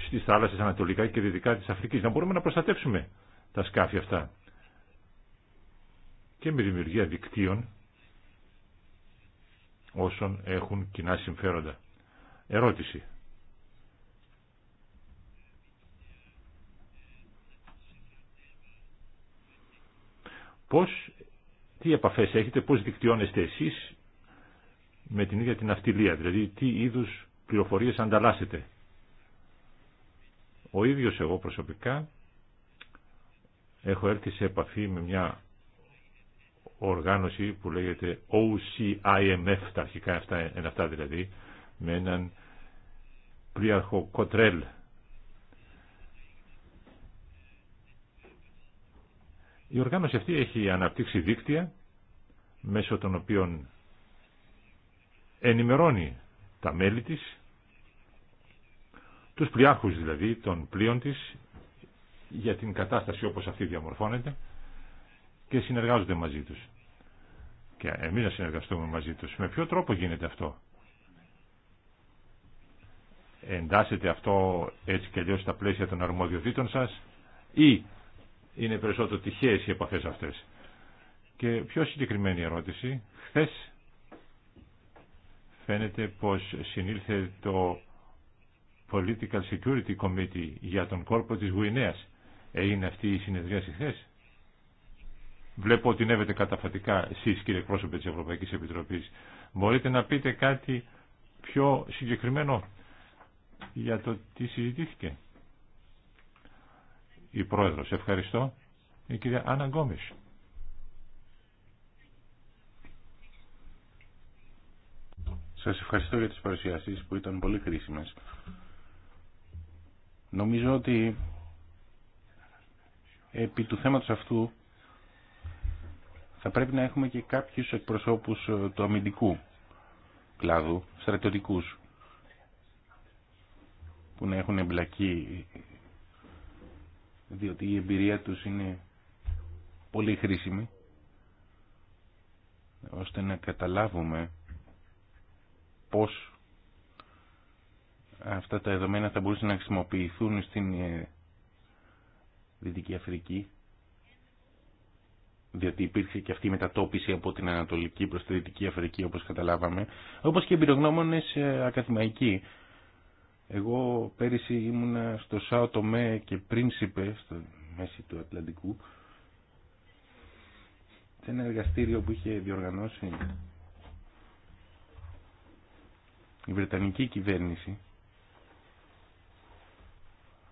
στις θάλασσες ανατολικά και δυτικά της Αφρικής. Να μπορούμε να προστατεύσουμε τα σκάφη αυτά και με δημιουργία δικτύων όσων έχουν κοινά συμφέροντα. Ερώτηση. Πώς, τι επαφές έχετε, πώς δικτυώνεστε εσείς με την ίδια την αυτιλία, δηλαδή τι είδους πληροφορίες ανταλλάσσετε. Ο ίδιος εγώ προσωπικά έχω έρθει σε επαφή με μια οργάνωση που λέγεται OCIMF, τα αρχικά αυτά, εν δηλαδή, με έναν πλοίαρχο Κοτρέλ Η οργάνωση αυτή έχει αναπτύξει δίκτυα μέσω των οποίων ενημερώνει τα μέλη της, τους πλοιάρχους δηλαδή των πλοίων της, για την κατάσταση όπως αυτή διαμορφώνεται και συνεργάζονται μαζί τους. Και εμείς να συνεργαστούμε μαζί τους. Με ποιο τρόπο γίνεται αυτό. Εντάσσεται αυτό έτσι και αλλιώς στα πλαίσια των αρμοδιοτήτων σας ή είναι περισσότερο τυχαίες οι επαφές αυτές. Και πιο συγκεκριμένη ερώτηση, χθες φαίνεται πως συνήλθε το Political Security Committee για τον κόλπο της Γουινέας. Έγινε αυτή η συνεδρίαση χθες. Βλέπω ότι νεύεται καταφατικά εσείς κύριε πρόσωπε της Ευρωπαϊκής Επιτροπής. Μπορείτε να πείτε κάτι πιο συγκεκριμένο για το τι συζητήθηκε η Πρόεδρος. Ευχαριστώ. Η κυρία Άννα Γκόμης. Σας ευχαριστώ για τις παρουσιάσεις που ήταν πολύ χρήσιμες. Νομίζω ότι επί του θέματος αυτού θα πρέπει να έχουμε και κάποιους εκπροσώπους ε, του αμυντικού κλάδου, στρατιωτικούς, που να έχουν εμπλακεί διότι η εμπειρία τους είναι πολύ χρήσιμη ώστε να καταλάβουμε πώς αυτά τα δεδομένα θα μπορούσαν να χρησιμοποιηθούν στην ε, Δυτική Αφρική διότι υπήρξε και αυτή η μετατόπιση από την Ανατολική προς τη Δυτική Αφρική όπως καταλάβαμε όπως και εμπειρογνώμονες ε, ακαθημαϊκοί εγώ πέρυσι ήμουνα στο Σάο Τομέ και Πρίνσιπε, στο μέση του Ατλαντικού, σε ένα εργαστήριο που είχε διοργανώσει η Βρετανική κυβέρνηση,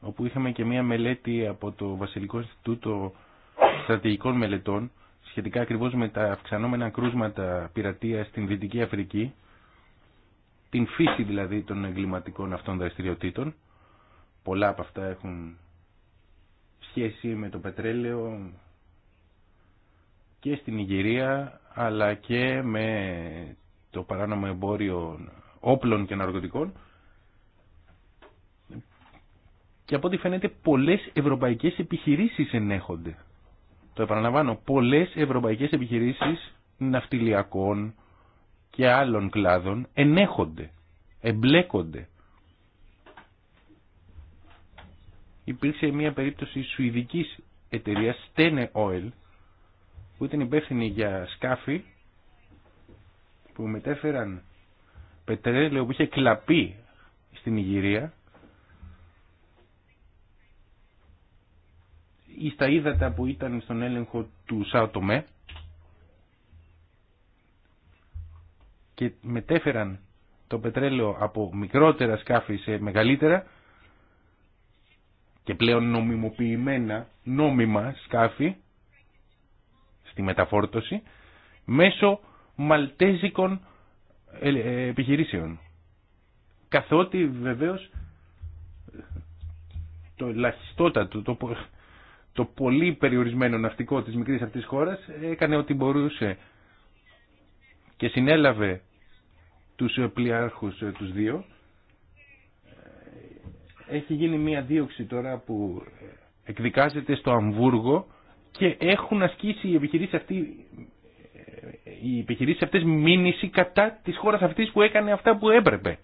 όπου είχαμε και μία μελέτη από το Βασιλικό Ινστιτούτο Στρατηγικών Μελετών, σχετικά ακριβώς με τα αυξανόμενα κρούσματα πειρατεία στην Δυτική Αφρική, την φύση δηλαδή των εγκληματικών αυτών δραστηριοτήτων. Πολλά από αυτά έχουν σχέση με το πετρέλαιο και στην Ιγυρία αλλά και με το παράνομο εμπόριο όπλων και ναρκωτικών και από ό,τι φαίνεται πολλές ευρωπαϊκές επιχειρήσεις ενέχονται. Το επαναλαμβάνω, πολλές ευρωπαϊκές επιχειρήσεις ναυτιλιακών, και άλλων κλάδων ενέχονται, εμπλέκονται. Υπήρξε μια περίπτωση σουηδικής εταιρείας Stene Oil που ήταν υπεύθυνη για σκάφη που μετέφεραν πετρέλαιο που είχε κλαπεί στην Ιγυρία ή στα ύδατα που ήταν στον έλεγχο του Σαοτομέ και μετέφεραν το πετρέλαιο από μικρότερα σκάφη σε μεγαλύτερα και πλέον νομιμοποιημένα νόμιμα σκάφη στη μεταφόρτωση μέσω μαλτέζικων ε, ε, επιχειρήσεων. Καθότι βεβαίως το ελαχιστότατο, το, το πολύ περιορισμένο ναυτικό της μικρής αυτής χώρας έκανε ό,τι μπορούσε και συνέλαβε τους ε, πλοιάρχους ε, τους δύο. Ε, έχει γίνει μία δίωξη τώρα που εκδικάζεται στο Αμβούργο και έχουν ασκήσει οι επιχειρήσεις, αυτοί, οι επιχειρήσεις αυτές μήνυση κατά της χώρας αυτής που έκανε αυτά που έπρεπε.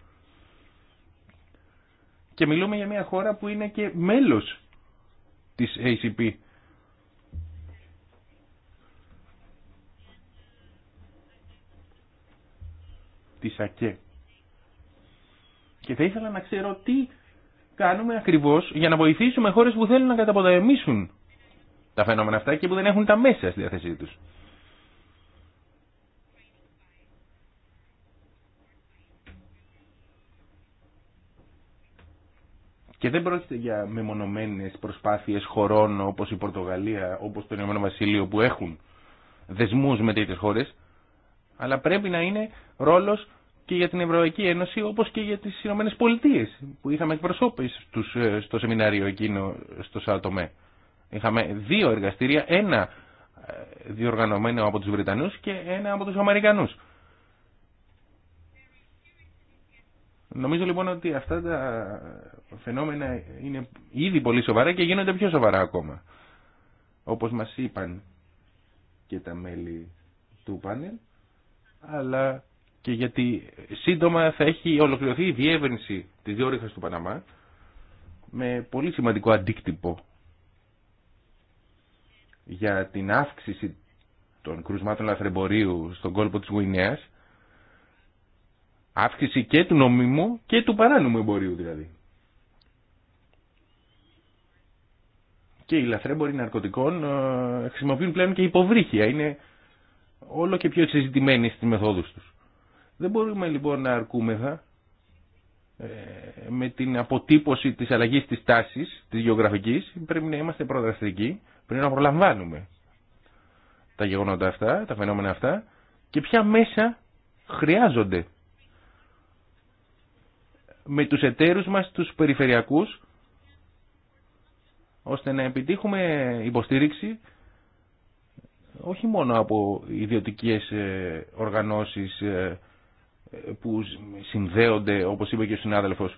Και μιλούμε για μια χώρα που είναι και μέλος της ACP ΑΚΕ. Και θα ήθελα να ξέρω τι κάνουμε ακριβώς για να βοηθήσουμε χώρες που θέλουν να καταπολεμήσουν τα φαινόμενα αυτά και που δεν έχουν τα μέσα στη διάθεσή τους. Και δεν πρόκειται για μεμονωμένες προσπάθειες χωρών όπως η Πορτογαλία, όπως το Ηνωμένο Βασίλειο που έχουν δεσμούς με τέτοιες χώρες, αλλά πρέπει να είναι ρόλος και για την Ευρωπαϊκή Ένωση όπως και για τις Ηνωμένε Πολιτείε που είχαμε εκπροσώπηση ε, στο σεμινάριο εκείνο στο Σάτομε. Είχαμε δύο εργαστήρια, ένα ε, διοργανωμένο από τους Βρετανούς και ένα από τους Αμερικανούς. Νομίζω λοιπόν ότι αυτά τα φαινόμενα είναι ήδη πολύ σοβαρά και γίνονται πιο σοβαρά ακόμα. Όπως μας είπαν και τα μέλη του πάνελ, αλλά και γιατί σύντομα θα έχει ολοκληρωθεί η διεύρυνση της διόρυχας του Παναμά με πολύ σημαντικό αντίκτυπο για την αύξηση των κρουσμάτων λαθρεμπορίου στον κόλπο της Γουινέας αύξηση και του νομίμου και του παράνομου εμπορίου δηλαδή και οι λαθρέμποροι ναρκωτικών ε, χρησιμοποιούν πλέον και υποβρύχια είναι όλο και πιο συζητημένοι στις μεθόδους τους δεν μπορούμε λοιπόν να αρκούμεθα ε, με την αποτύπωση της αλλαγής της τάσης, της γεωγραφικής, πρέπει να είμαστε προδραστικοί, πριν να προλαμβάνουμε τα γεγονότα αυτά, τα φαινόμενα αυτά και ποια μέσα χρειάζονται με τους εταίρους μας, τους περιφερειακούς, ώστε να επιτύχουμε υποστήριξη όχι μόνο από ιδιωτικές ε, οργανώσεις ε, που συνδέονται, όπως είπε και ο συνάδελφος,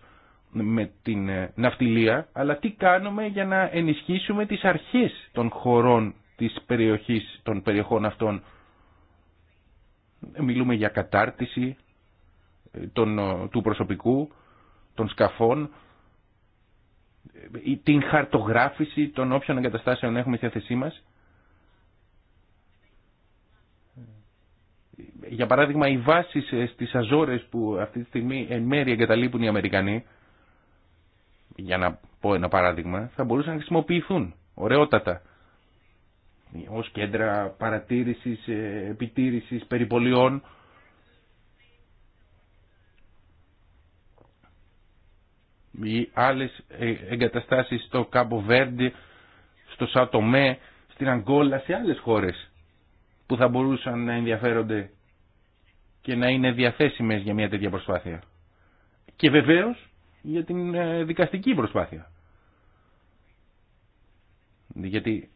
με την ε, ναυτιλία, αλλά τι κάνουμε για να ενισχύσουμε τις αρχές των χωρών της περιοχής, των περιοχών αυτών. Μιλούμε για κατάρτιση ε, των, ε, του προσωπικού, των σκαφών, την χαρτογράφηση των όποιων εγκαταστάσεων έχουμε στη θέση μας. για παράδειγμα οι βάσεις ε, στις Αζόρες που αυτή τη στιγμή εν μέρει εγκαταλείπουν οι Αμερικανοί για να πω ένα παράδειγμα θα μπορούσαν να χρησιμοποιηθούν ωραιότατα ως κέντρα παρατήρησης, ε, επιτήρησης, περιπολιών οι άλλες ε, εγκαταστάσεις στο Κάμπο Βέρντι, στο Σατομέ, στην Αγκόλα, σε άλλες χώρες που θα μπορούσαν να ενδιαφέρονται και να είναι διαθέσιμες για μια τέτοια προσπάθεια. Και βεβαίως για την ε, δικαστική προσπάθεια. Γιατί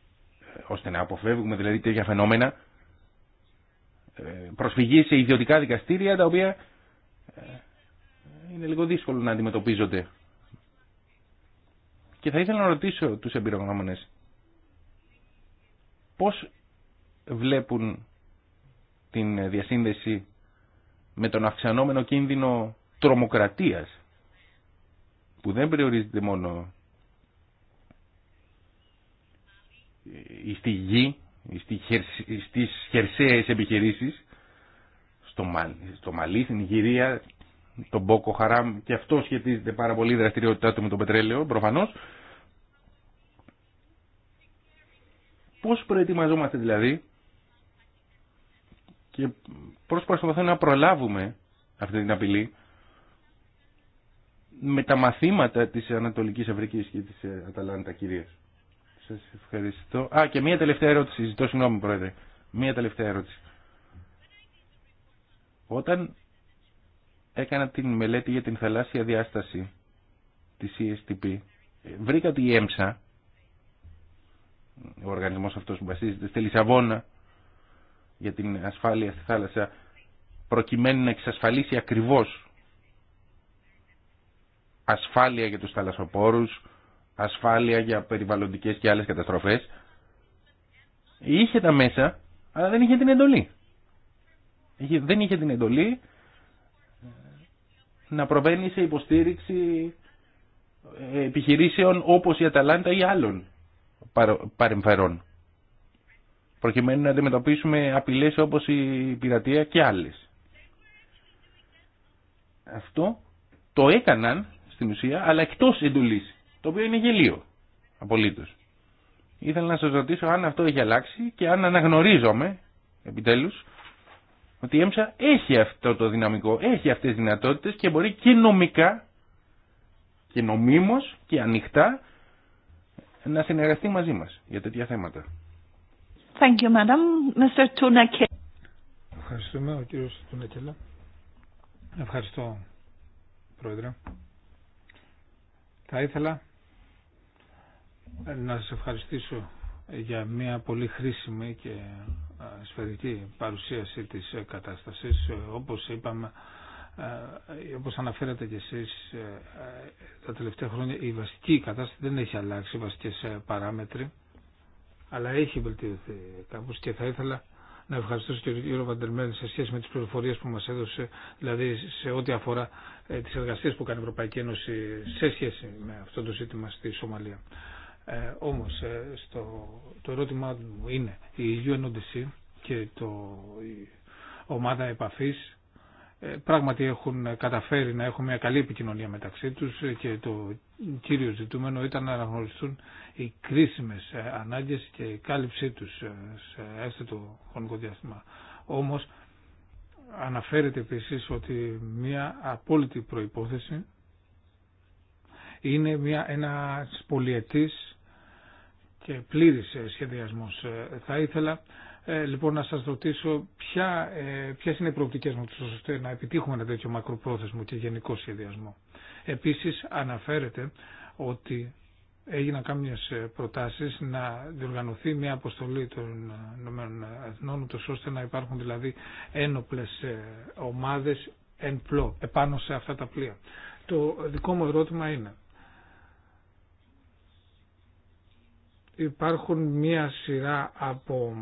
ε, ώστε να αποφεύγουμε δηλαδή τέτοια φαινόμενα ε, προσφυγή σε ιδιωτικά δικαστήρια τα οποία είναι λίγο δύσκολο να αντιμετωπίζονται. Και θα ήθελα να ρωτήσω τους εμπειρογνώμονες πώς βλέπουν την διασύνδεση με τον αυξανόμενο κίνδυνο τρομοκρατίας που δεν περιορίζεται μόνο στη γη, στις χερσαίες επιχειρήσεις, στο, Μα, στο Μαλί, στην Ιγυρία, τον Μπόκο Χαράμ και αυτό σχετίζεται πάρα πολύ η δραστηριότητά του με το πετρέλαιο προφανώς. Πώς προετοιμαζόμαστε δηλαδή και πώς προσπαθούμε να προλάβουμε αυτή την απειλή με τα μαθήματα της Ανατολικής Αφρικής και της ε, Αταλάντα κυρίες. Σας ευχαριστώ. Α, και μία τελευταία ερώτηση. Ζητώ συγγνώμη, Πρόεδρε. Μία τελευταία ερώτηση. Όταν έκανα την μελέτη για την θαλάσσια διάσταση της ESTP, βρήκα τη ΕΜΣΑ, ο οργανισμός αυτός που βασίζεται στη Λισαβόνα, για την ασφάλεια στη θάλασσα προκειμένου να εξασφαλίσει ακριβώς ασφάλεια για τους θαλασσοπόρους, ασφάλεια για περιβαλλοντικές και άλλες καταστροφές. Είχε τα μέσα, αλλά δεν είχε την εντολή. Δεν είχε την εντολή ε, να προβαίνει σε υποστήριξη ε, επιχειρήσεων όπως η Αταλάντα ή άλλων παρεμφερών προκειμένου να αντιμετωπίσουμε απειλές όπως η πειρατεία και άλλες. Αυτό το έκαναν στην ουσία, αλλά εκτός εντολής, το οποίο είναι γελίο, απολύτως. Ήθελα να σας ρωτήσω αν αυτό έχει αλλάξει και αν αναγνωρίζομαι, επιτέλους, ότι η ΕΜΣΑ έχει αυτό το δυναμικό, έχει αυτές τις δυνατότητες και μπορεί και νομικά και νομίμως και ανοιχτά να συνεργαστεί μαζί μας για τέτοια θέματα. Thank you, madam. Mr. Ευχαριστούμε, ο κύριος Τουνακέλα. Ευχαριστώ, Πρόεδρε. Θα ήθελα ε, να σας ευχαριστήσω για μια πολύ χρήσιμη και ε, σφαιρική παρουσίαση της ε, κατάστασης. Όπως είπαμε, όπως αναφέρατε και εσείς, τα τελευταία χρόνια η βασική κατάσταση δεν έχει αλλάξει, βασικές παράμετροι αλλά έχει βελτιωθεί κάπως και θα ήθελα να ευχαριστήσω και τον κύριο Βαντερμέλ σε σχέση με τις πληροφορίες που μας έδωσε, δηλαδή σε ό,τι αφορά ε, τις εργασίες που κάνει η Ευρωπαϊκή Ένωση σε σχέση με αυτό το ζήτημα στη Σομαλία. Ε, όμως ε, στο, το ερώτημά μου είναι η UNODC και το, η ομάδα επαφής ε, πράγματι έχουν καταφέρει να έχουν μια καλή επικοινωνία μεταξύ τους και το κύριο ζητούμενο ήταν να αναγνωριστούν οι κρίσιμες ε, ανάγκες και η κάλυψή τους ε, σε έστω χρονικό διάστημα. Όμως αναφέρεται επίσης ότι μια απόλυτη προϋπόθεση είναι μια, ένας πολιετής και πλήρης σχεδιασμός. Θα ήθελα ε, λοιπόν να σας ρωτήσω ποια, ε, ποιες είναι οι προοπτικές μα ώστε να επιτύχουμε ένα τέτοιο μακροπρόθεσμο και γενικό σχεδιασμό. Επίσης αναφέρεται ότι έγιναν κάποιες ε, προτάσεις να διοργανωθεί μια αποστολή των ε, ΗΠΑ ώστε να υπάρχουν δηλαδή ένοπλες ε, ομάδες εν πλώ επάνω σε αυτά τα πλοία. Το δικό μου ερώτημα είναι υπάρχουν μία σειρά από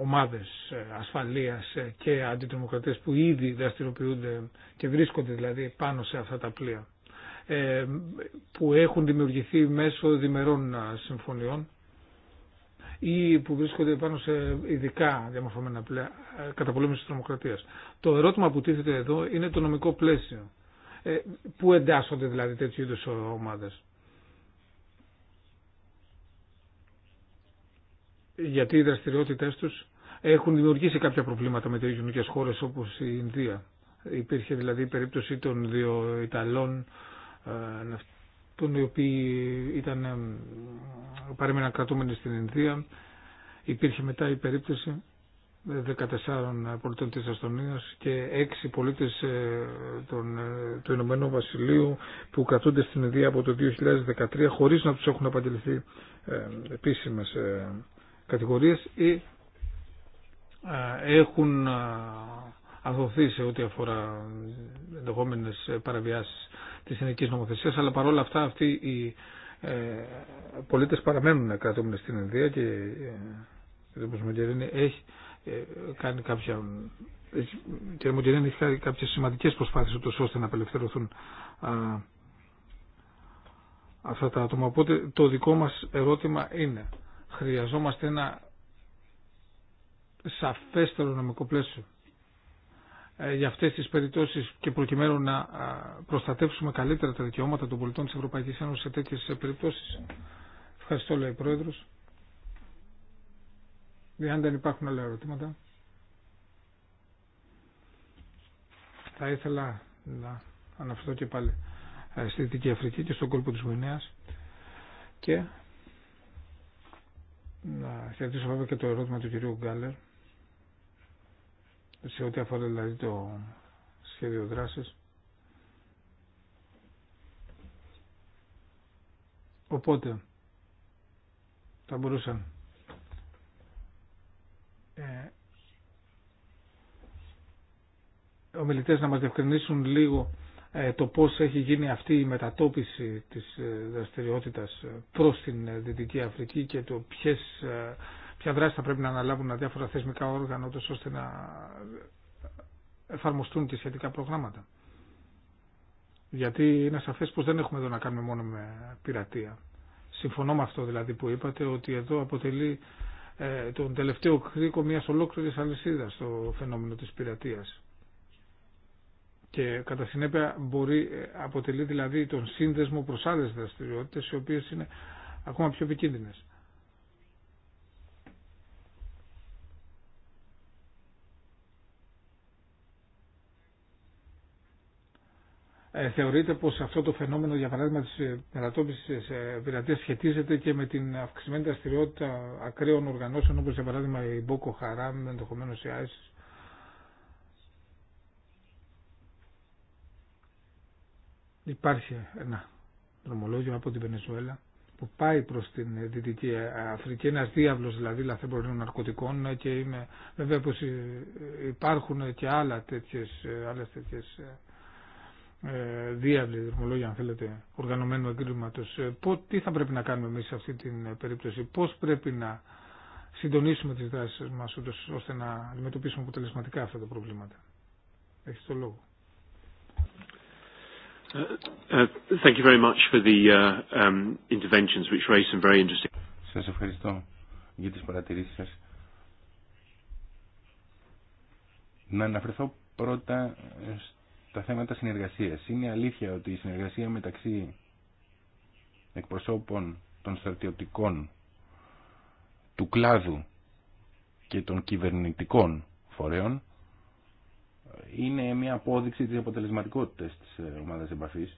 ομάδες ε, ασφαλείας ε, και αντιτρομοκρατές που ήδη δραστηριοποιούνται και βρίσκονται δηλαδή πάνω σε αυτά τα πλοία ε, που έχουν δημιουργηθεί μέσω διμερών συμφωνιών ή που βρίσκονται πάνω σε ειδικά διαμορφωμένα πλοία καταπολέμησης της τρομοκρατίας. Το ερώτημα που τίθεται εδώ είναι το νομικό πλαίσιο. Πού εντάσσονται δηλαδή τέτοιου είδους ομάδες. γιατί οι δραστηριότητε του έχουν δημιουργήσει κάποια προβλήματα με τι γειτονικέ χώρες όπως η Ινδία. Υπήρχε δηλαδή η περίπτωση των δύο Ιταλών ε, των οποίοι ήταν, κρατούμενοι στην Ινδία. Υπήρχε μετά η περίπτωση 14 πολιτών της Αστωνίας και 6 πολίτες ε, των, ε, του Ηνωμένου Βασιλείου που κρατούνται στην Ινδία από το 2013 χωρίς να τους έχουν απαντηληθεί επίσημες κατηγορίες ή έχουν αδωθεί σε ό,τι αφορά ενδεχόμενε παραβιάσεις της ελληνικής νομοθεσίας, αλλά παρόλα αυτά αυτοί οι ε, πολίτες παραμένουν κρατούμενοι στην Ινδία και ε, κ. Μογκερίνη έχει ε, κάνει κάποια Μογκερίνη έχει κάνει κάποιες σημαντικές προσπάθειες ούτως ώστε να απελευθερωθούν αυτά τα άτομα. Οπότε το δικό μας ερώτημα είναι χρειαζόμαστε ένα σαφέστερο νομικό πλαίσιο ε, για αυτές τις περιπτώσεις και προκειμένου να προστατεύσουμε καλύτερα τα δικαιώματα των πολιτών της Ευρωπαϊκής Ένωσης σε τέτοιες περιπτώσεις. Ευχαριστώ, λέει Πρόεδρος. Εάν δεν υπάρχουν άλλα ερωτήματα, θα ήθελα να αναφερθώ και πάλι ε, στη Δυτική Αφρική και στον κόλπο της Γουινέας και να χαιρετήσω βέβαια και το ερώτημα του κυρίου Γκάλερ σε ό,τι αφορά δηλαδή το σχέδιο δράσης. Οπότε θα μπορούσαν ε, ομιλητές να μας διευκρινίσουν λίγο ε, το πώς έχει γίνει αυτή η μετατόπιση της ε, δραστηριότητας ε, προς την Δυτική Αφρική και το ποιες, ποια δράση θα πρέπει να αναλάβουν τα διάφορα θεσμικά όργανα ώστε να εφαρμοστούν και σχετικά προγράμματα. Γιατί είναι σαφές πως δεν έχουμε εδώ να κάνουμε μόνο με πειρατεία. Συμφωνώ με αυτό δηλαδή που είπατε ότι εδώ αποτελεί τον τελευταίο κρίκο μιας ολόκληρης αλυσίδας στο φαινόμενο της πειρατείας και κατά συνέπεια μπορεί, ε, αποτελεί δηλαδή τον σύνδεσμο προς άλλες δραστηριότητες οι οποίες είναι ακόμα πιο επικίνδυνες. Ε, θεωρείτε πως αυτό το φαινόμενο για παράδειγμα της ε, μετατόπισης πειρατείας σχετίζεται και με την αυξημένη δραστηριότητα ακραίων οργανώσεων όπως για παράδειγμα η Μπόκο Χαράμ, ενδεχομένως η υπάρχει ένα δρομολόγιο από την Βενεζουέλα που πάει προς την Δυτική Αφρική, ένας διάβλος δηλαδή λαθεμπορίων ναρκωτικών και είμαι βέβαια πως υπάρχουν και άλλα τέτοιες, άλλες τέτοιες ε, ε, διάβλη δρομολόγια, αν θέλετε, οργανωμένου εγκλήματο. Ε, τι θα πρέπει να κάνουμε εμεί σε αυτή την περίπτωση, πώ πρέπει να συντονίσουμε τι δράσει μα, ώστε να αντιμετωπίσουμε αποτελεσματικά αυτά τα προβλήματα. Έχεις το λόγο. Uh, uh, thank you very much for the uh, um, interventions which some very interesting. Σας ευχαριστώ για τις παρατηρήσεις σας. Να αναφερθώ πρώτα στα θέματα συνεργασίας. Είναι αλήθεια ότι η συνεργασία μεταξύ εκπροσώπων των στρατιωτικών του κλάδου και των κυβερνητικών φορέων είναι μια απόδειξη της αποτελεσματικότητας της ε, ομάδας επαφής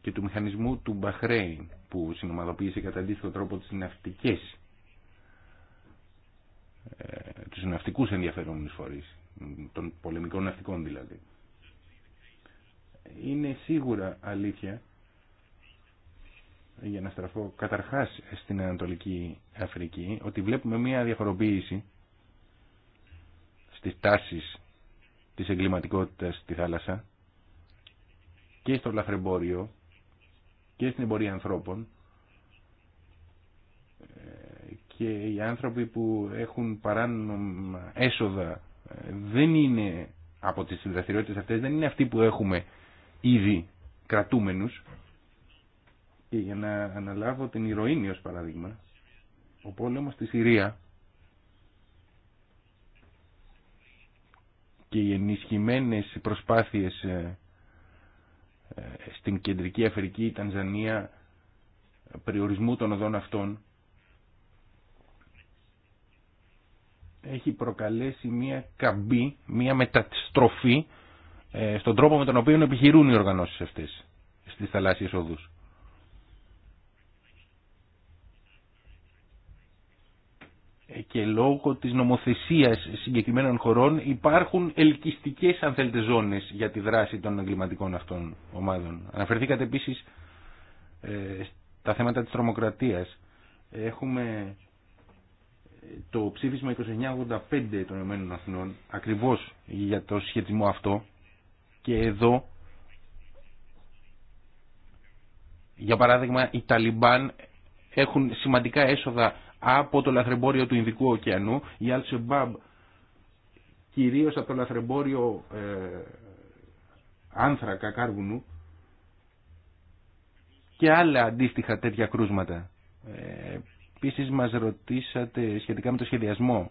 και του μηχανισμού του Μπαχρέιν που συνομαδοποίησε κατά αντίστοιχο τρόπο τις ναυτικές ε, τους ναυτικούς ενδιαφερόμενους φορείς των πολεμικών ναυτικών δηλαδή είναι σίγουρα αλήθεια για να στραφώ καταρχάς στην Ανατολική Αφρική ότι βλέπουμε μια διαφοροποίηση στις τάσεις της εγκληματικότητας στη θάλασσα και στο λαθρεμπόριο και στην εμπορία ανθρώπων και οι άνθρωποι που έχουν παράνομα έσοδα δεν είναι από τις δραστηριότητες αυτές δεν είναι αυτοί που έχουμε ήδη κρατούμενους και για να αναλάβω την ηρωίνη ως παράδειγμα ο πόλεμος στη Συρία και οι ενισχυμένες προσπάθειες ε, ε, στην Κεντρική Αφρική, η Τανζανία, περιορισμού των οδών αυτών, έχει προκαλέσει μία καμπή, μία μεταστροφή ε, στον τρόπο με τον οποίο επιχειρούν οι οργανώσεις αυτές στις θαλάσσιες οδούς. και λόγω της νομοθεσίας συγκεκριμένων χωρών υπάρχουν ελκυστικές αν θέλετε ζώνες για τη δράση των εγκληματικών αυτών ομάδων. Αναφερθήκατε επίσης τα ε, στα θέματα της τρομοκρατίας. Έχουμε ε, το ψήφισμα 2985 των Ηνωμένων Αθηνών ακριβώς για το σχετισμό αυτό και εδώ για παράδειγμα οι Ταλιμπάν έχουν σημαντικά έσοδα από το λαθρεμπόριο του Ινδικού ωκεανού. Η al κυρίως από το λαθρεμπόριο ε, άνθρακα κάρβουνου και άλλα αντίστοιχα τέτοια κρούσματα. Ε, Επίση μας ρωτήσατε σχετικά με το σχεδιασμό,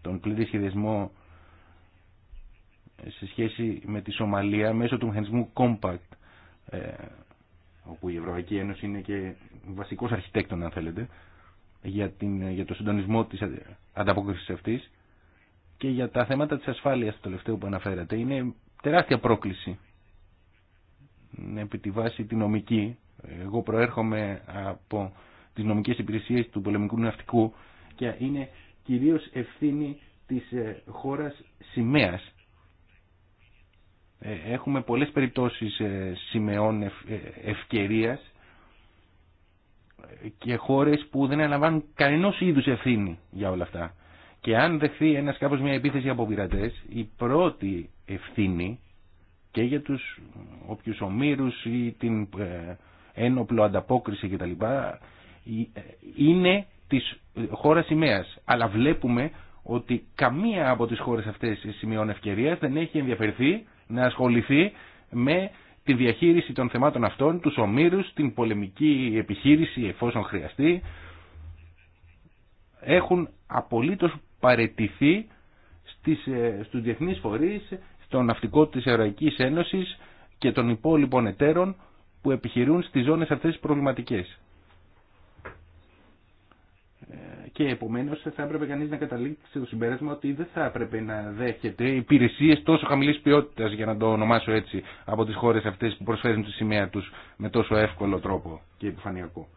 τον πλήρη σχεδιασμό ε, σε σχέση με τη Σομαλία μέσω του μηχανισμού Compact, ε, όπου η Ευρωπαϊκή Ένωση είναι και βασικός αρχιτέκτον αν θέλετε, για, την, για το συντονισμό της ανταπόκρισης αυτής και για τα θέματα της ασφάλειας το τελευταίο που αναφέρατε. Είναι τεράστια πρόκληση επί τη βάση τη νομική. Εγώ προέρχομαι από τις νομικές υπηρεσίες του πολεμικού ναυτικού και είναι κυρίως ευθύνη της ε, χώρας σημαίας. Ε, έχουμε πολλές περιπτώσεις ε, σημαίων ευκαιρίας και χώρες που δεν αναλαμβάνουν κανένας είδους ευθύνη για όλα αυτά. Και αν δεχθεί ένας κάπως μια επίθεση από πειρατέ, η πρώτη ευθύνη και για τους όποιους ομήρους ή την ε, ένοπλο ανταπόκριση κτλ. Ε, είναι της ε, χώρας σημαίας. Αλλά βλέπουμε ότι καμία από τις χώρες αυτές σημειών ευκαιρίας δεν έχει ενδιαφερθεί να ασχοληθεί με τη διαχείριση των θεμάτων αυτών, τους ομήρους, την πολεμική επιχείρηση εφόσον χρειαστεί, έχουν απολύτως παρετηθεί στις, ε, στους διεθνείς φορείς, στο ναυτικό της Ευρωπαϊκής Ένωσης και των υπόλοιπων εταίρων που επιχειρούν στις ζώνες αυτές τις προβληματικές και επομένως θα έπρεπε κανεί να καταλήξει το συμπέρασμα ότι δεν θα έπρεπε να δέχεται υπηρεσίε τόσο χαμηλής ποιότητας για να το ονομάσω έτσι από τις χώρες αυτές που προσφέρουν τη σημαία τους με τόσο εύκολο τρόπο και επιφανειακό.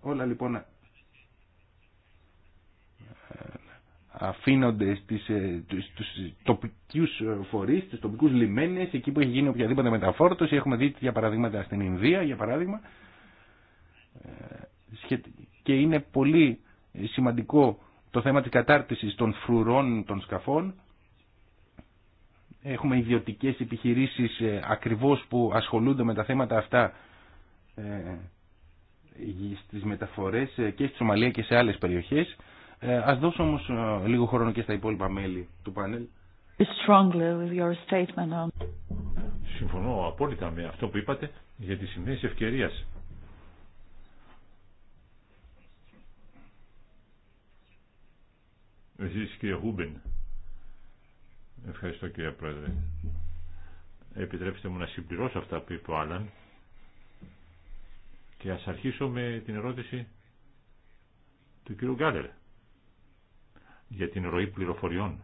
Όλα λοιπόν ε, αφήνονται στις, στους ε, τοπικούς φορείς, στους τοπικούς λιμένες, εκεί που έχει γίνει οποιαδήποτε μεταφόρτωση. Έχουμε δει για παραδείγματα στην Ινδία, για παράδειγμα, ε, και είναι πολύ σημαντικό το θέμα της κατάρτισης των φρουρών των σκαφών. Έχουμε ιδιωτικές επιχειρήσεις ε, ακριβώς που ασχολούνται με τα θέματα αυτά ε, στις μεταφορές και στη Σομαλία και σε άλλες περιοχές. Ας δώσω όμως λίγο χρόνο και στα υπόλοιπα μέλη του πάνελ. Συμφωνώ απόλυτα με αυτό που είπατε για τη σημαίες ευκαιρίας Εσείς κύριε Χούμπεν. Ευχαριστώ κύριε Πρόεδρε. Επιτρέψτε μου να συμπληρώσω αυτά που είπε ο Άλαν και ας αρχίσω με την ερώτηση του κύριου Γκάλερ για την ροή πληροφοριών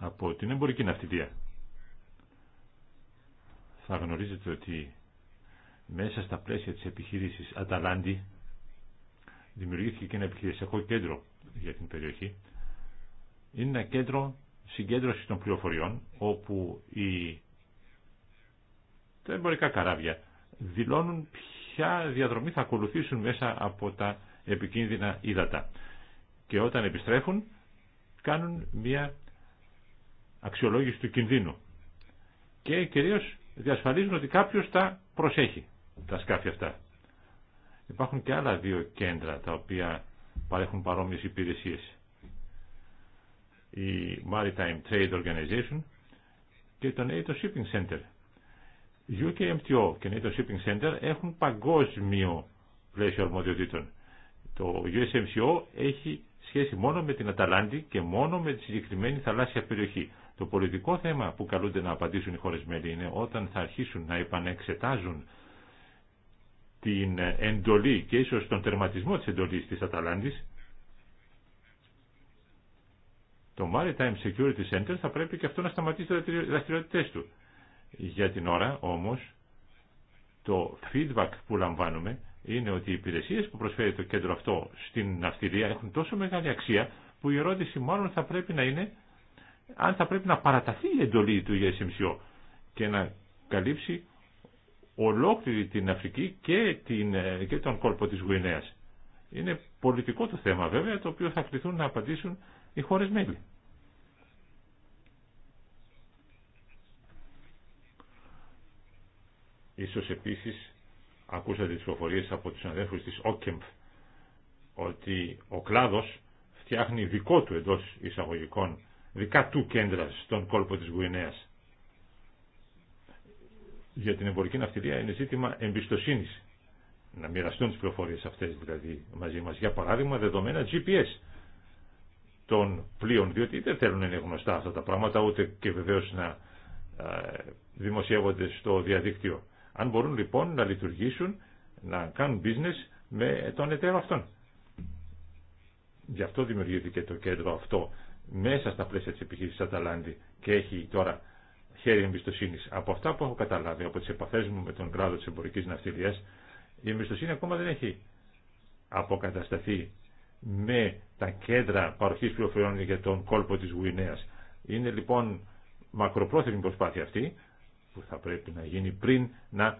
από την εμπορική ναυτιλία. Θα γνωρίζετε ότι μέσα στα πλαίσια της επιχείρησης Αταλάντη δημιουργήθηκε και ένα επιχειρησιακό κέντρο για την περιοχή. Είναι ένα κέντρο συγκέντρωση των πληροφοριών όπου οι... τα εμπορικά καράβια δηλώνουν ποια διαδρομή θα ακολουθήσουν μέσα από τα επικίνδυνα ύδατα. Και όταν επιστρέφουν κάνουν μια αξιολόγηση του κινδύνου και κυρίως διασφαλίζουν ότι κάποιος τα προσέχει τα σκάφια αυτά. Υπάρχουν και άλλα δύο κέντρα τα οποία παρέχουν παρόμοιες υπηρεσίες. Η Maritime Trade Organization και το NATO Shipping Center. UKMTO και NATO Shipping Center έχουν παγκόσμιο πλαίσιο αρμοδιοτήτων. Το USMCO έχει σχέση μόνο με την Αταλάντη και μόνο με τη συγκεκριμένη θαλάσσια περιοχή. Το πολιτικό θέμα που καλούνται να απαντήσουν οι χώρες μέλη είναι όταν θα αρχίσουν να επανεξετάζουν την εντολή και ίσως τον τερματισμό της εντολής της Αταλάντης, το Maritime Security Center θα πρέπει και αυτό να σταματήσει τις δραστηριότητε του. Για την ώρα όμως το feedback που λαμβάνουμε είναι ότι οι υπηρεσίες που προσφέρει το κέντρο αυτό στην ναυτιλία έχουν τόσο μεγάλη αξία που η ερώτηση μάλλον θα πρέπει να είναι αν θα πρέπει να παραταθεί η εντολή του για SMCO και να καλύψει ολόκληρη την Αφρική και, την, ε, τον κόλπο της Γουινέας. Είναι πολιτικό το θέμα βέβαια, το οποίο θα κληθούν να απαντήσουν οι χώρες μέλη. Ίσως επίσης ακούσατε τις προφορίες από τους αδέρφους της ΟΚΕΜΦ ότι ο κλάδος φτιάχνει δικό του εντός εισαγωγικών δικά του κέντρα στον κόλπο της Γουινέας για την εμπορική ναυτιλία είναι ζήτημα εμπιστοσύνη Να μοιραστούν τι πληροφορίε αυτέ, δηλαδή μαζί μα. Για παράδειγμα δεδομένα GPS των πλοίων, διότι δεν θέλουν να είναι γνωστά αυτά τα πράγματα, ούτε και βεβαίω να δημοσιεύονται στο διαδίκτυο. Αν μπορούν λοιπόν να λειτουργήσουν, να κάνουν business με τον εταίρο αυτόν. Γι' αυτό δημιουργήθηκε το κέντρο αυτό μέσα στα πλαίσια της επιχείρησης Αταλάντη και έχει τώρα χέρι εμπιστοσύνη. Από αυτά που έχω καταλάβει από τι επαφέ μου με τον κλάδο τη εμπορική ναυτιλία, η εμπιστοσύνη ακόμα δεν έχει αποκατασταθεί με τα κέντρα παροχή πληροφοριών για τον κόλπο τη Γουινέα. Είναι λοιπόν μακροπρόθεσμη προσπάθεια αυτή που θα πρέπει να γίνει πριν να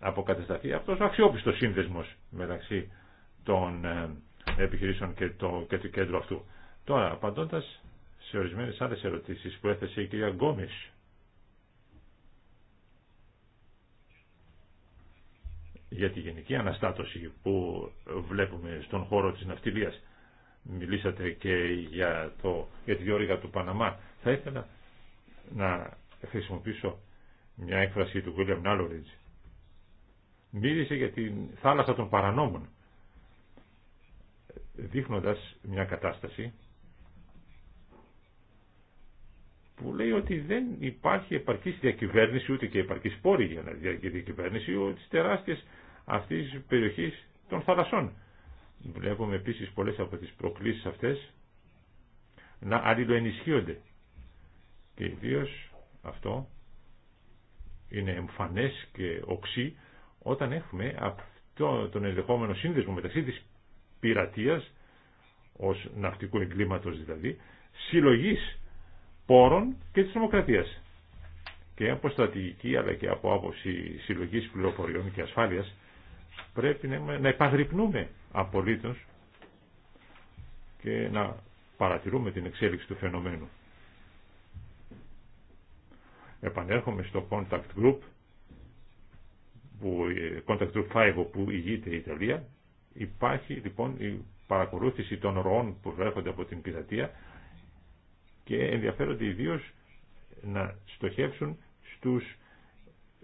αποκατασταθεί αυτό ο αξιόπιστος σύνδεσμο μεταξύ των ε, επιχειρήσεων και, το, και του κέντρου αυτού. Τώρα, απαντώντας σε ορισμένε άλλε ερωτήσει που έθεσε η κυρία Γκόμης, για τη γενική αναστάτωση που βλέπουμε στον χώρο της ναυτιλίας. Μιλήσατε και για, το, για τη διόρυγα του Παναμά. Θα ήθελα να χρησιμοποιήσω μια έκφραση του William Νάλοριτζ. Μίλησε για την θάλασσα των παρανόμων, δείχνοντας μια κατάσταση που λέει ότι δεν υπάρχει επαρκής διακυβέρνηση ούτε και επαρκής πόρη για να διακυβέρνηση τη τεράστια αυτής της περιοχής των θαλασσών. Βλέπουμε επίσης πολλές από τις προκλήσεις αυτές να αλληλοενισχύονται και ιδίω αυτό είναι εμφανές και οξύ όταν έχουμε αυτό τον ενδεχόμενο σύνδεσμο μεταξύ της πειρατείας ως ναυτικού εγκλήματος δηλαδή συλλογής πόρων και της δημοκρατίας. Και από στρατηγική αλλά και από άποψη συλλογή πληροφοριών και ασφάλειας πρέπει να επαγρυπνούμε απολύτως και να παρατηρούμε την εξέλιξη του φαινομένου. Επανέρχομαι στο Contact Group, που, Contact Group 5 όπου ηγείται η Ιταλία. Υπάρχει λοιπόν η παρακολούθηση των ροών που βρέχονται από την πειρατεία και ενδιαφέρονται ιδίω να στοχεύσουν στους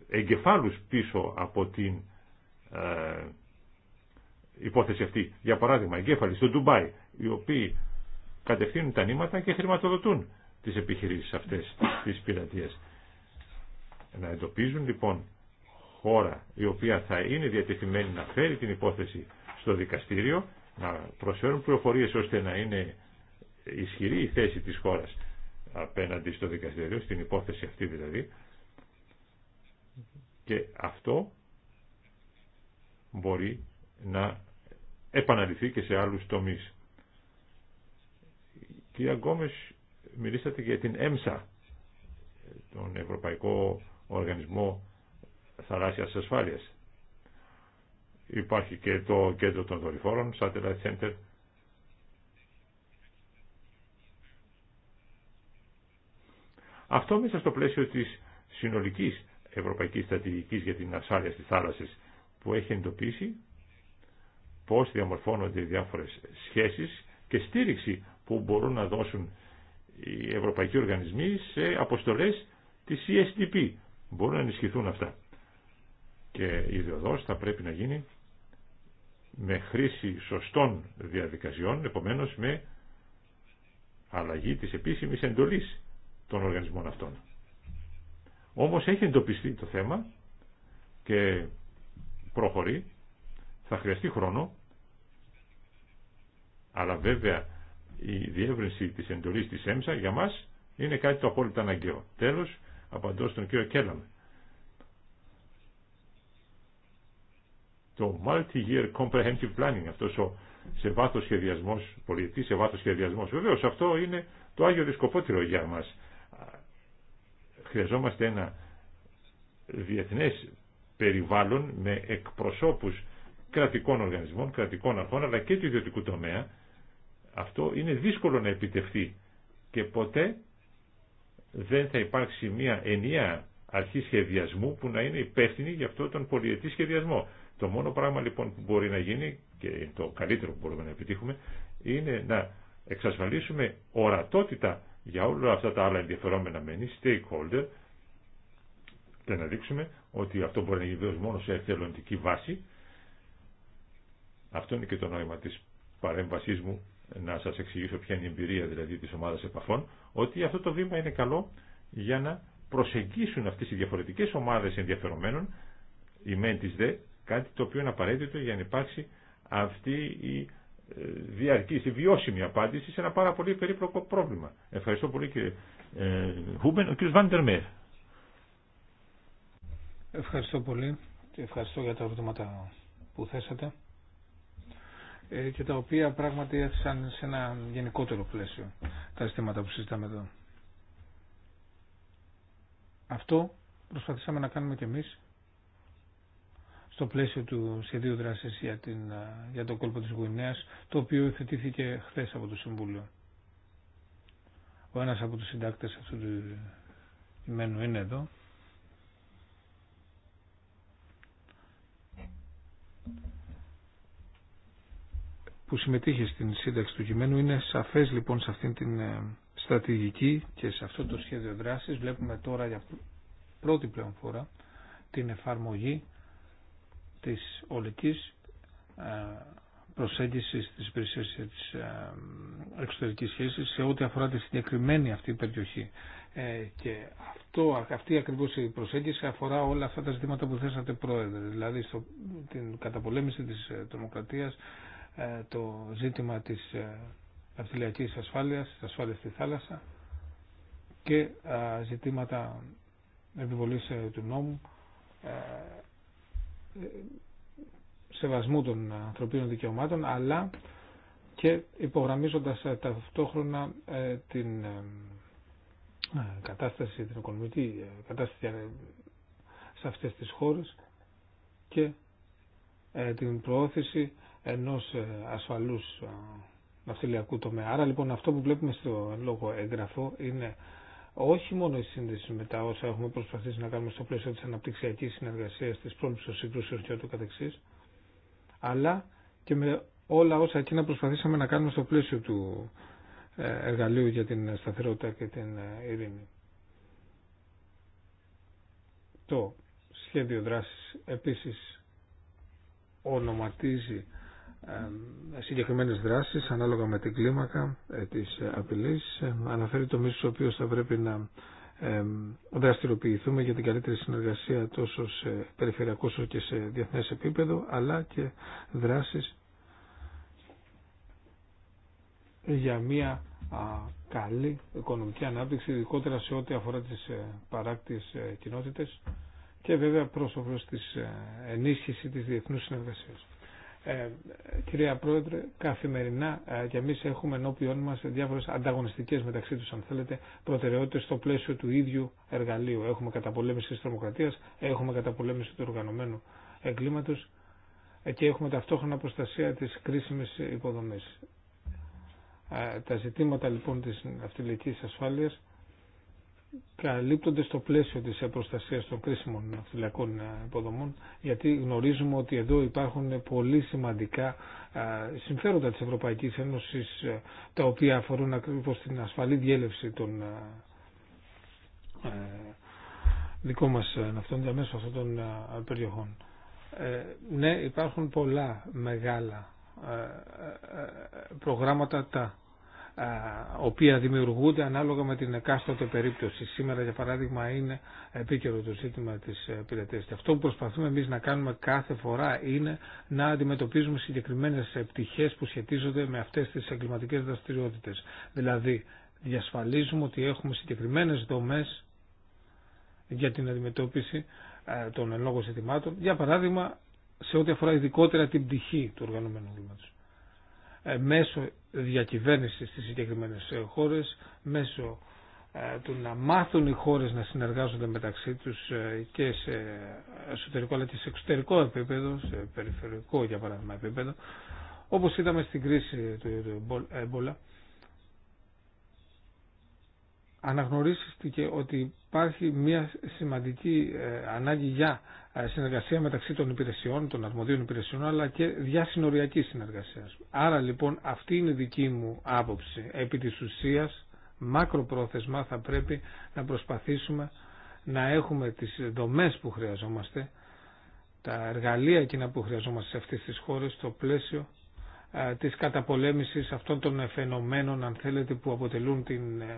εγκεφάλους πίσω από την ε, υπόθεση αυτή. Για παράδειγμα, εγκέφαλοι στο Ντουμπάι, οι οποίοι κατευθύνουν τα νήματα και χρηματοδοτούν τις επιχειρήσεις αυτές της πειρατείας. Να εντοπίζουν λοιπόν χώρα η οποία θα είναι διατεθειμένη να φέρει την υπόθεση στο δικαστήριο, να προσφέρουν πληροφορίες ώστε να είναι ισχυρή η θέση της χώρας απέναντι στο δικαστήριο, στην υπόθεση αυτή δηλαδή. Και αυτό μπορεί να επαναληφθεί και σε άλλους τομείς. Κυρία Γκόμες, μιλήσατε για την ΕΜΣΑ, τον Ευρωπαϊκό Οργανισμό Θαλάσσιας Ασφάλειας. Υπάρχει και το κέντρο των δορυφόρων, Satellite Center, Αυτό μέσα στο πλαίσιο της συνολικής ευρωπαϊκής στρατηγικής για την ασφάλεια στις θάλασσες που έχει εντοπίσει πώς διαμορφώνονται οι διάφορες σχέσεις και στήριξη που μπορούν να δώσουν οι ευρωπαϊκοί οργανισμοί σε αποστολές της CSDP. Μπορούν να ενισχυθούν αυτά. Και η διοδόση θα πρέπει να γίνει με χρήση σωστών διαδικασιών, επομένως με αλλαγή της επίσημης εντολής των οργανισμών αυτών. Όμως έχει εντοπιστεί το θέμα και προχωρεί, θα χρειαστεί χρόνο, αλλά βέβαια η διεύρυνση της εντολής της ΕΜΣΑ για μας είναι κάτι το απόλυτα αναγκαίο. Τέλος, απαντώ στον κύριο Κέλαμ. Το Multi-Year Comprehensive Planning, αυτός ο σε βάθος σχεδιασμός, πολιτή σε βάθος σχεδιασμός. Βεβαίως αυτό είναι το Άγιο Δισκοπότηρο για μας. Χρειαζόμαστε ένα διεθνές περιβάλλον με εκπροσώπους κρατικών οργανισμών, κρατικών αρχών, αλλά και του ιδιωτικού τομέα. Αυτό είναι δύσκολο να επιτευχθεί και ποτέ δεν θα υπάρξει μια ενιαία αρχή σχεδιασμού που να είναι υπεύθυνη για αυτό τον πολιετή σχεδιασμό. Το μόνο πράγμα λοιπόν που μπορεί να γίνει και το καλύτερο που μπορούμε να επιτύχουμε είναι να εξασφαλίσουμε ορατότητα για όλα αυτά τα άλλα ενδιαφερόμενα μενή, stakeholder, και να δείξουμε ότι αυτό μπορεί να γίνει μόνο σε εθελοντική βάση. Αυτό είναι και το νόημα της παρέμβασής μου να σας εξηγήσω ποια είναι η εμπειρία δηλαδή της ομάδας επαφών, ότι αυτό το βήμα είναι καλό για να προσεγγίσουν αυτές οι διαφορετικές ομάδες ενδιαφερομένων, η μεν της δε, κάτι το οποίο είναι απαραίτητο για να υπάρξει αυτή η διαρκή στη βιώσιμη απάντηση σε ένα πάρα πολύ περίπλοκο πρόβλημα. Ευχαριστώ πολύ κύριε ε, Χούμπεν. Ο κύριος Βάντερ Ευχαριστώ πολύ και ευχαριστώ για τα ερωτήματα που θέσατε ε, και τα οποία πράγματι έθεσαν σε ένα γενικότερο πλαίσιο τα ζητήματα που συζητάμε εδώ. Αυτό προσπαθήσαμε να κάνουμε και εμείς το πλαίσιο του σχεδίου δράσης για, για τον κόλπο της Γουινέα, το οποίο θετήθηκε χθες από το Συμβούλιο. Ο ένα από τους συντάκτες αυτού του κειμένου είναι εδώ. που συμμετείχε στην σύνταξη του κειμένου είναι σαφές λοιπόν σε αυτήν την ε, στρατηγική και σε αυτό το σχέδιο δράσης βλέπουμε τώρα για πρώτη πλέον φορά την εφαρμογή της ολικής ε, προσέγγισης της υπηρεσίας της ε, εξωτερικής σχέσης σε ό,τι αφορά τη συγκεκριμένη αυτή περιοχή. Ε, και αυτό, αυτή ακριβώς η προσέγγιση αφορά όλα αυτά τα ζητήματα που θέσατε πρόεδρε, δηλαδή την καταπολέμηση της τρομοκρατίας, το ζήτημα της αυτιλιακής ασφάλειας, της ασφάλειας στη θάλασσα και ζητήματα επιβολής του νόμου σεβασμού των ανθρωπίνων δικαιωμάτων, αλλά και υπογραμμίζοντας ε, ταυτόχρονα ε, την ε, κατάσταση, την οικονομική κατάσταση σε αυτές τις χώρες και την προώθηση ενός ασφαλούς ναυτιλιακού τομέα. Άρα λοιπόν αυτό που βλέπουμε στο λόγο έγγραφο είναι όχι μόνο η σύνδεση με τα όσα έχουμε προσπαθήσει να κάνουμε στο πλαίσιο της αναπτυξιακής συνεργασίας, της πρόληψης συγκρούσεων και ούτω καθεξής, αλλά και με όλα όσα εκείνα προσπαθήσαμε να κάνουμε στο πλαίσιο του ε, εργαλείου για την σταθερότητα και την ε, ειρήνη. Το σχέδιο δράσης επίσης ονοματίζει ε, συγκεκριμένες δράσεις ανάλογα με την κλίμακα ε, της απειλής ε, αναφέρει το μίσος ο οποίος θα πρέπει να δραστηριοποιηθούμε για την καλύτερη συνεργασία τόσο σε περιφερειακό όσο και σε διεθνές επίπεδο αλλά και δράσεις για μια καλή οικονομική ανάπτυξη ειδικότερα σε ό,τι αφορά τις παράκτης κοινότητες και βέβαια προς όφελος της ενίσχυση της διεθνούς συνεργασίας. Ε, κυρία Πρόεδρε, καθημερινά ε, και εμεί έχουμε ενώπιον μα διάφορε ανταγωνιστικέ μεταξύ του, αν θέλετε, προτεραιότητε στο πλαίσιο του ίδιου εργαλείου. Έχουμε καταπολέμηση τη τρομοκρατία, έχουμε καταπολέμηση του οργανωμένου εγκλήματο ε, και έχουμε ταυτόχρονα προστασία τη κρίσιμη υποδομή. Ε, τα ζητήματα λοιπόν τη αυτιλική ασφάλεια καλύπτονται στο πλαίσιο της προστασίας των κρίσιμων φυλακών ε, υποδομών γιατί γνωρίζουμε ότι εδώ υπάρχουν πολύ σημαντικά ε, συμφέροντα της Ευρωπαϊκής Ένωσης ε, τα οποία αφορούν ακριβώς την ασφαλή διέλευση των δικών μας ναυτών διαμέσου αυτών των περιοχών. Ναι, υπάρχουν πολλά μεγάλα προγράμματα τα οποία δημιουργούνται ανάλογα με την εκάστοτε περίπτωση. Σήμερα, για παράδειγμα, είναι επίκαιρο το ζήτημα τη ε, πειρατεία. Και αυτό που προσπαθούμε εμεί να κάνουμε κάθε φορά είναι να αντιμετωπίζουμε συγκεκριμένε ε, πτυχέ που σχετίζονται με αυτέ τι εγκληματικέ δραστηριότητε. Δηλαδή, διασφαλίζουμε ότι έχουμε συγκεκριμένε δομέ για την αντιμετώπιση ε, των εν λόγω ζητημάτων. Για παράδειγμα, σε ό,τι αφορά ειδικότερα την πτυχή του οργανωμένου εγκλήματο. Μέσω διακυβέρνηση στις συγκεκριμένες ε, χώρες μέσω ε, του να μάθουν οι χώρες να συνεργάζονται μεταξύ τους ε, και σε εσωτερικό αλλά και σε εξωτερικό επίπεδο, σε περιφερειακό για παράδειγμα επίπεδο, όπως είδαμε στην κρίση του έμπολα, αναγνωρίστηκε ότι υπάρχει μια σημαντική ανάγκη για ε, συνεργασία μεταξύ των υπηρεσιών, των αρμοδίων υπηρεσιών, αλλά και διασυνοριακή συνεργασία. Άρα λοιπόν αυτή είναι η δική μου άποψη. Επί της ουσίας, μακροπρόθεσμα θα πρέπει να προσπαθήσουμε να έχουμε τις δομές που χρειαζόμαστε, τα εργαλεία εκείνα που χρειαζόμαστε σε αυτές τις χώρες, στο πλαίσιο ε, της καταπολέμησης αυτών των φαινομένων, αν θέλετε, που αποτελούν την ε,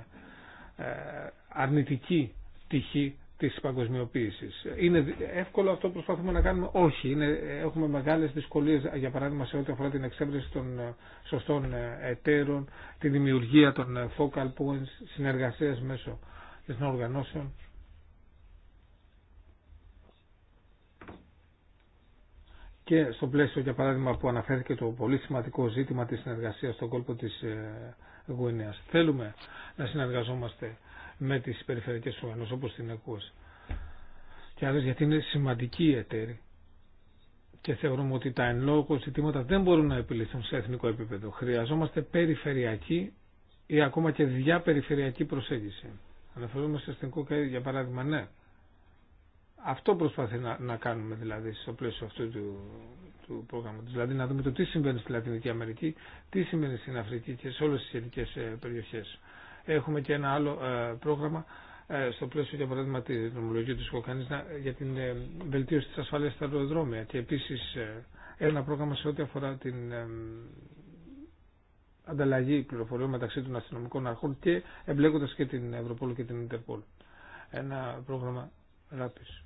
αρνητική τυχή της παγκοσμιοποίησης. Είναι εύκολο αυτό που προσπαθούμε να κάνουμε. Όχι. Είναι, έχουμε μεγάλες δυσκολίες, για παράδειγμα, σε ό,τι αφορά την εξέβρεση των ε, σωστών ε, εταίρων, τη δημιουργία των ε, focal points, συνεργασίας μέσω των οργανώσεων. Και στο πλαίσιο, για παράδειγμα, που αναφέρθηκε το πολύ σημαντικό ζήτημα της συνεργασίας στον κόλπο της Γουινέας. Θέλουμε να συνεργαζόμαστε με τις περιφερειακές οργανώσεις όπως την ΕΚΟΣ και άλλες γιατί είναι σημαντική η εταίρη και θεωρούμε ότι τα εν λόγω ζητήματα δεν μπορούν να επιληθούν σε εθνικό επίπεδο. Χρειαζόμαστε περιφερειακή ή ακόμα και διαπεριφερειακή προσέγγιση. Αναφερόμαστε εθνικό και για παράδειγμα, ναι. Αυτό προσπαθεί να, να κάνουμε δηλαδή στο πλαίσιο αυτού του, του προγράμματο. Δηλαδή να δούμε το τι συμβαίνει στη Λατινική Αμερική, τι συμβαίνει στην Αφρική και σε όλε τι σχετικέ ε, περιοχέ έχουμε και ένα άλλο ε, πρόγραμμα ε, στο πλαίσιο για παράδειγμα τη νομολογία του Σκοκάνης για την ε, βελτίωση της ασφάλειας στα αεροδρόμια και επίσης ένα πρόγραμμα σε ό,τι αφορά την ανταλλαγή πληροφοριών μεταξύ των αστυνομικών αρχών και εμπλέκοντας και την Ευρωπόλ και την Ιντερπόλ. Ένα πρόγραμμα ράπης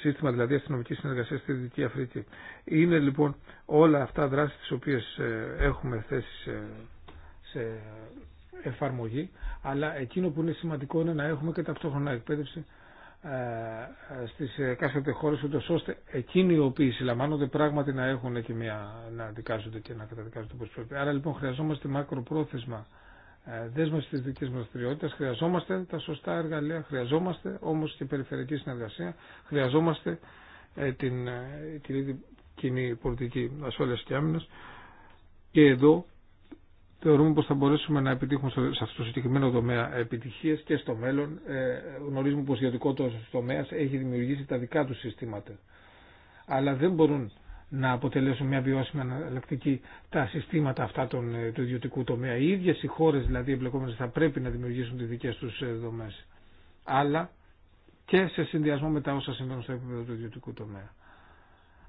σύστημα δηλαδή αστυνομική συνεργασία στη Δυτική Αφρική. Είναι λοιπόν όλα αυτά δράσει τι οποίε ε, έχουμε θέσει σε εφαρμογή, αλλά εκείνο που είναι σημαντικό είναι να έχουμε και ταυτόχρονα εκπαίδευση ε, στι ε, κάθε χώρε, ούτω ώστε εκείνοι οι οποίοι συλλαμβάνονται πράγματι να έχουν και μια, να δικάζονται και να καταδικάζονται όπω πρέπει. Άρα λοιπόν χρειαζόμαστε μακροπρόθεσμα ε, δέσμευση της δικής μας δραστηριότητας. Χρειαζόμαστε τα σωστά εργαλεία, χρειαζόμαστε όμως και περιφερειακή συνεργασία, χρειαζόμαστε ε, την ε, κοινή πολιτική ασφάλειας και άμυνας και εδώ θεωρούμε πως θα μπορέσουμε να επιτύχουμε σε αυτό το συγκεκριμένο τομέα επιτυχίες και στο μέλλον γνωρίζουμε πως ο ιδιωτικό τομέα έχει δημιουργήσει τα δικά του συστήματα αλλά δεν μπορούν να αποτελέσουν μια βιώσιμη αναλλακτική τα συστήματα αυτά των, ε, του ιδιωτικού τομέα. Οι ίδιε οι χώρε δηλαδή εμπλεκόμενε θα πρέπει να δημιουργήσουν τι δικέ του ε, δομέ. Αλλά και σε συνδυασμό με τα όσα συμβαίνουν στο επίπεδο του ιδιωτικού τομέα.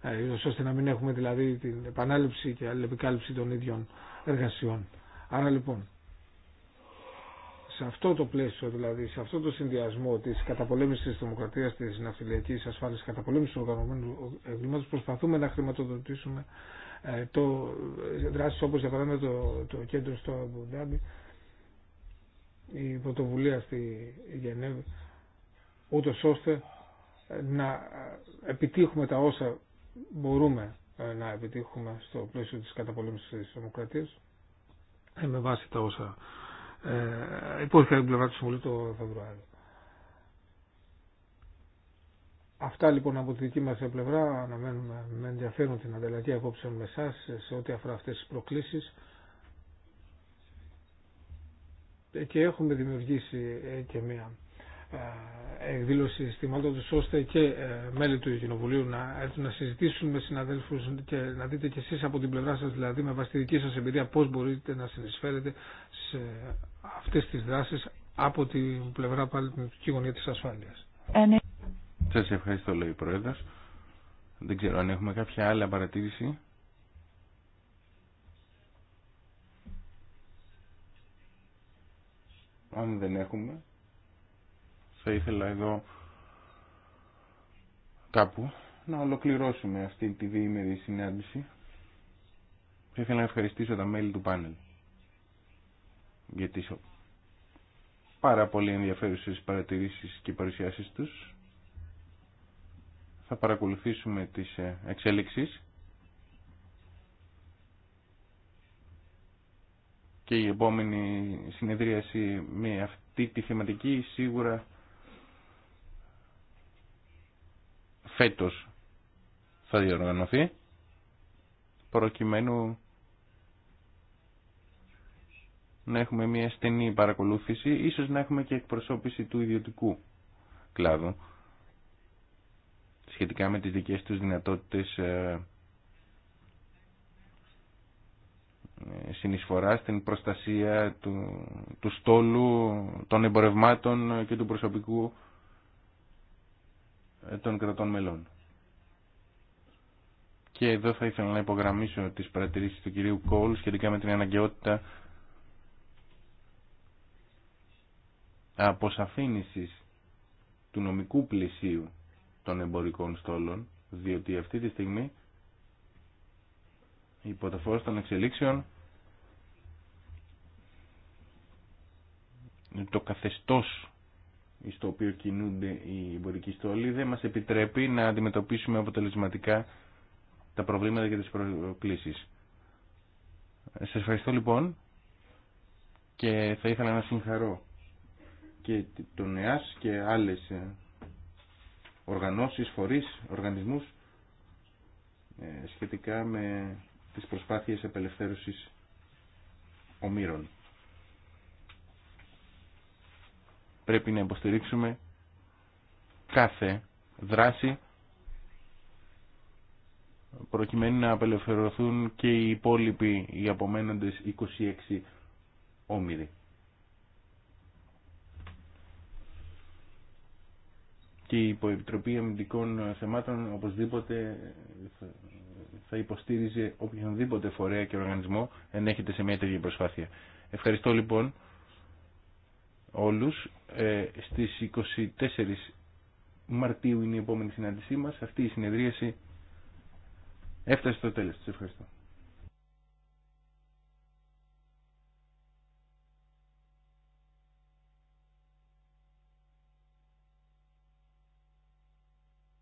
Ε, ώστε να μην έχουμε δηλαδή την επανάληψη και αλληλεπικάλυψη των ίδιων εργασιών. Άρα λοιπόν, σε αυτό το πλαίσιο, δηλαδή σε αυτό το συνδυασμό τη καταπολέμηση τη δημοκρατία, τη ναυτιλιακή ασφάλεια, καταπολέμηση του οργανωμένου εγκλήματο, προσπαθούμε να χρηματοδοτήσουμε ε, το, ε, δράσεις όπως για παράδειγμα το, το κέντρο στο Αμπουδάμπι, η πρωτοβουλία στη Γενέβη, ούτω ώστε να επιτύχουμε τα όσα μπορούμε ε, να επιτύχουμε στο πλαίσιο της καταπολέμησης της δημοκρατίας με βάση τα όσα ε, από την πλευρά του Συμβουλίου το Φεβρουάριο. Αυτά λοιπόν από τη δική μας πλευρά αναμένουμε με ενδιαφέρον την ανταλλαγή απόψεων με εσά σε ό,τι αφορά αυτές τις προκλήσεις ε, και έχουμε δημιουργήσει ε, και μια ε, εκδήλωση του ώστε και ε, μέλη του Κοινοβουλίου να έρθουν να συζητήσουν με συναδέλφους και να δείτε κι εσείς από την πλευρά σας δηλαδή με βάση τη σας εμπειρία πώς μπορείτε να συνεισφέρετε σε αυτές τις δράσεις από την πλευρά πάλι την γωνία της ασφάλειας. Σας ευχαριστώ λέει η Πρόεδρος. Δεν ξέρω αν έχουμε κάποια άλλη παρατήρηση. Αν δεν έχουμε θα ήθελα εδώ κάπου να ολοκληρώσουμε αυτή τη διήμερη συνάντηση. Θα ήθελα να ευχαριστήσω τα μέλη του πάνελ για τις πάρα πολύ ενδιαφέρουσες παρατηρήσεις και παρουσιάσεις τους. Θα παρακολουθήσουμε τις ε, εξέλιξεις και η επόμενη συνεδρίαση με αυτή τη θεματική σίγουρα φέτος θα διοργανωθεί προκειμένου να έχουμε μια στενή παρακολούθηση, ίσως να έχουμε και εκπροσώπηση του ιδιωτικού κλάδου σχετικά με τις δικές τους δυνατότητες ε, συνεισφορά στην προστασία του, του στόλου, των εμπορευμάτων και του προσωπικού ε, των κρατών μελών. Και εδώ θα ήθελα να υπογραμμίσω τις παρατηρήσεις του κυρίου Κόλ σχετικά με την αναγκαιότητα αποσαφήνισης του νομικού πλησίου των εμπορικών στόλων, διότι αυτή τη στιγμή υπό τα των εξελίξεων το καθεστώς στο οποίο κινούνται οι εμπορικοί στόλοι δεν μας επιτρέπει να αντιμετωπίσουμε αποτελεσματικά τα προβλήματα και τις προκλήσεις. Σας ευχαριστώ λοιπόν και θα ήθελα να συγχαρώ και τον ΕΑΣ και άλλες ε, οργανώσεις, φορείς, οργανισμούς ε, σχετικά με τις προσπάθειες απελευθέρωσης ομήρων. Πρέπει να υποστηρίξουμε κάθε δράση προκειμένου να απελευθερωθούν και οι υπόλοιποι οι απομένοντες 26 όμοιροι. Και η Υποεπιτροπή Αμυντικών Θεμάτων οπωσδήποτε θα υποστήριζε οποιονδήποτε φορέα και οργανισμό ενέχεται σε μια τέτοια προσπάθεια. Ευχαριστώ λοιπόν όλους. Ε, στις 24 Μαρτίου είναι η επόμενη συνάντησή μας. Αυτή η συνεδρίαση έφτασε στο τέλος. Σας ευχαριστώ.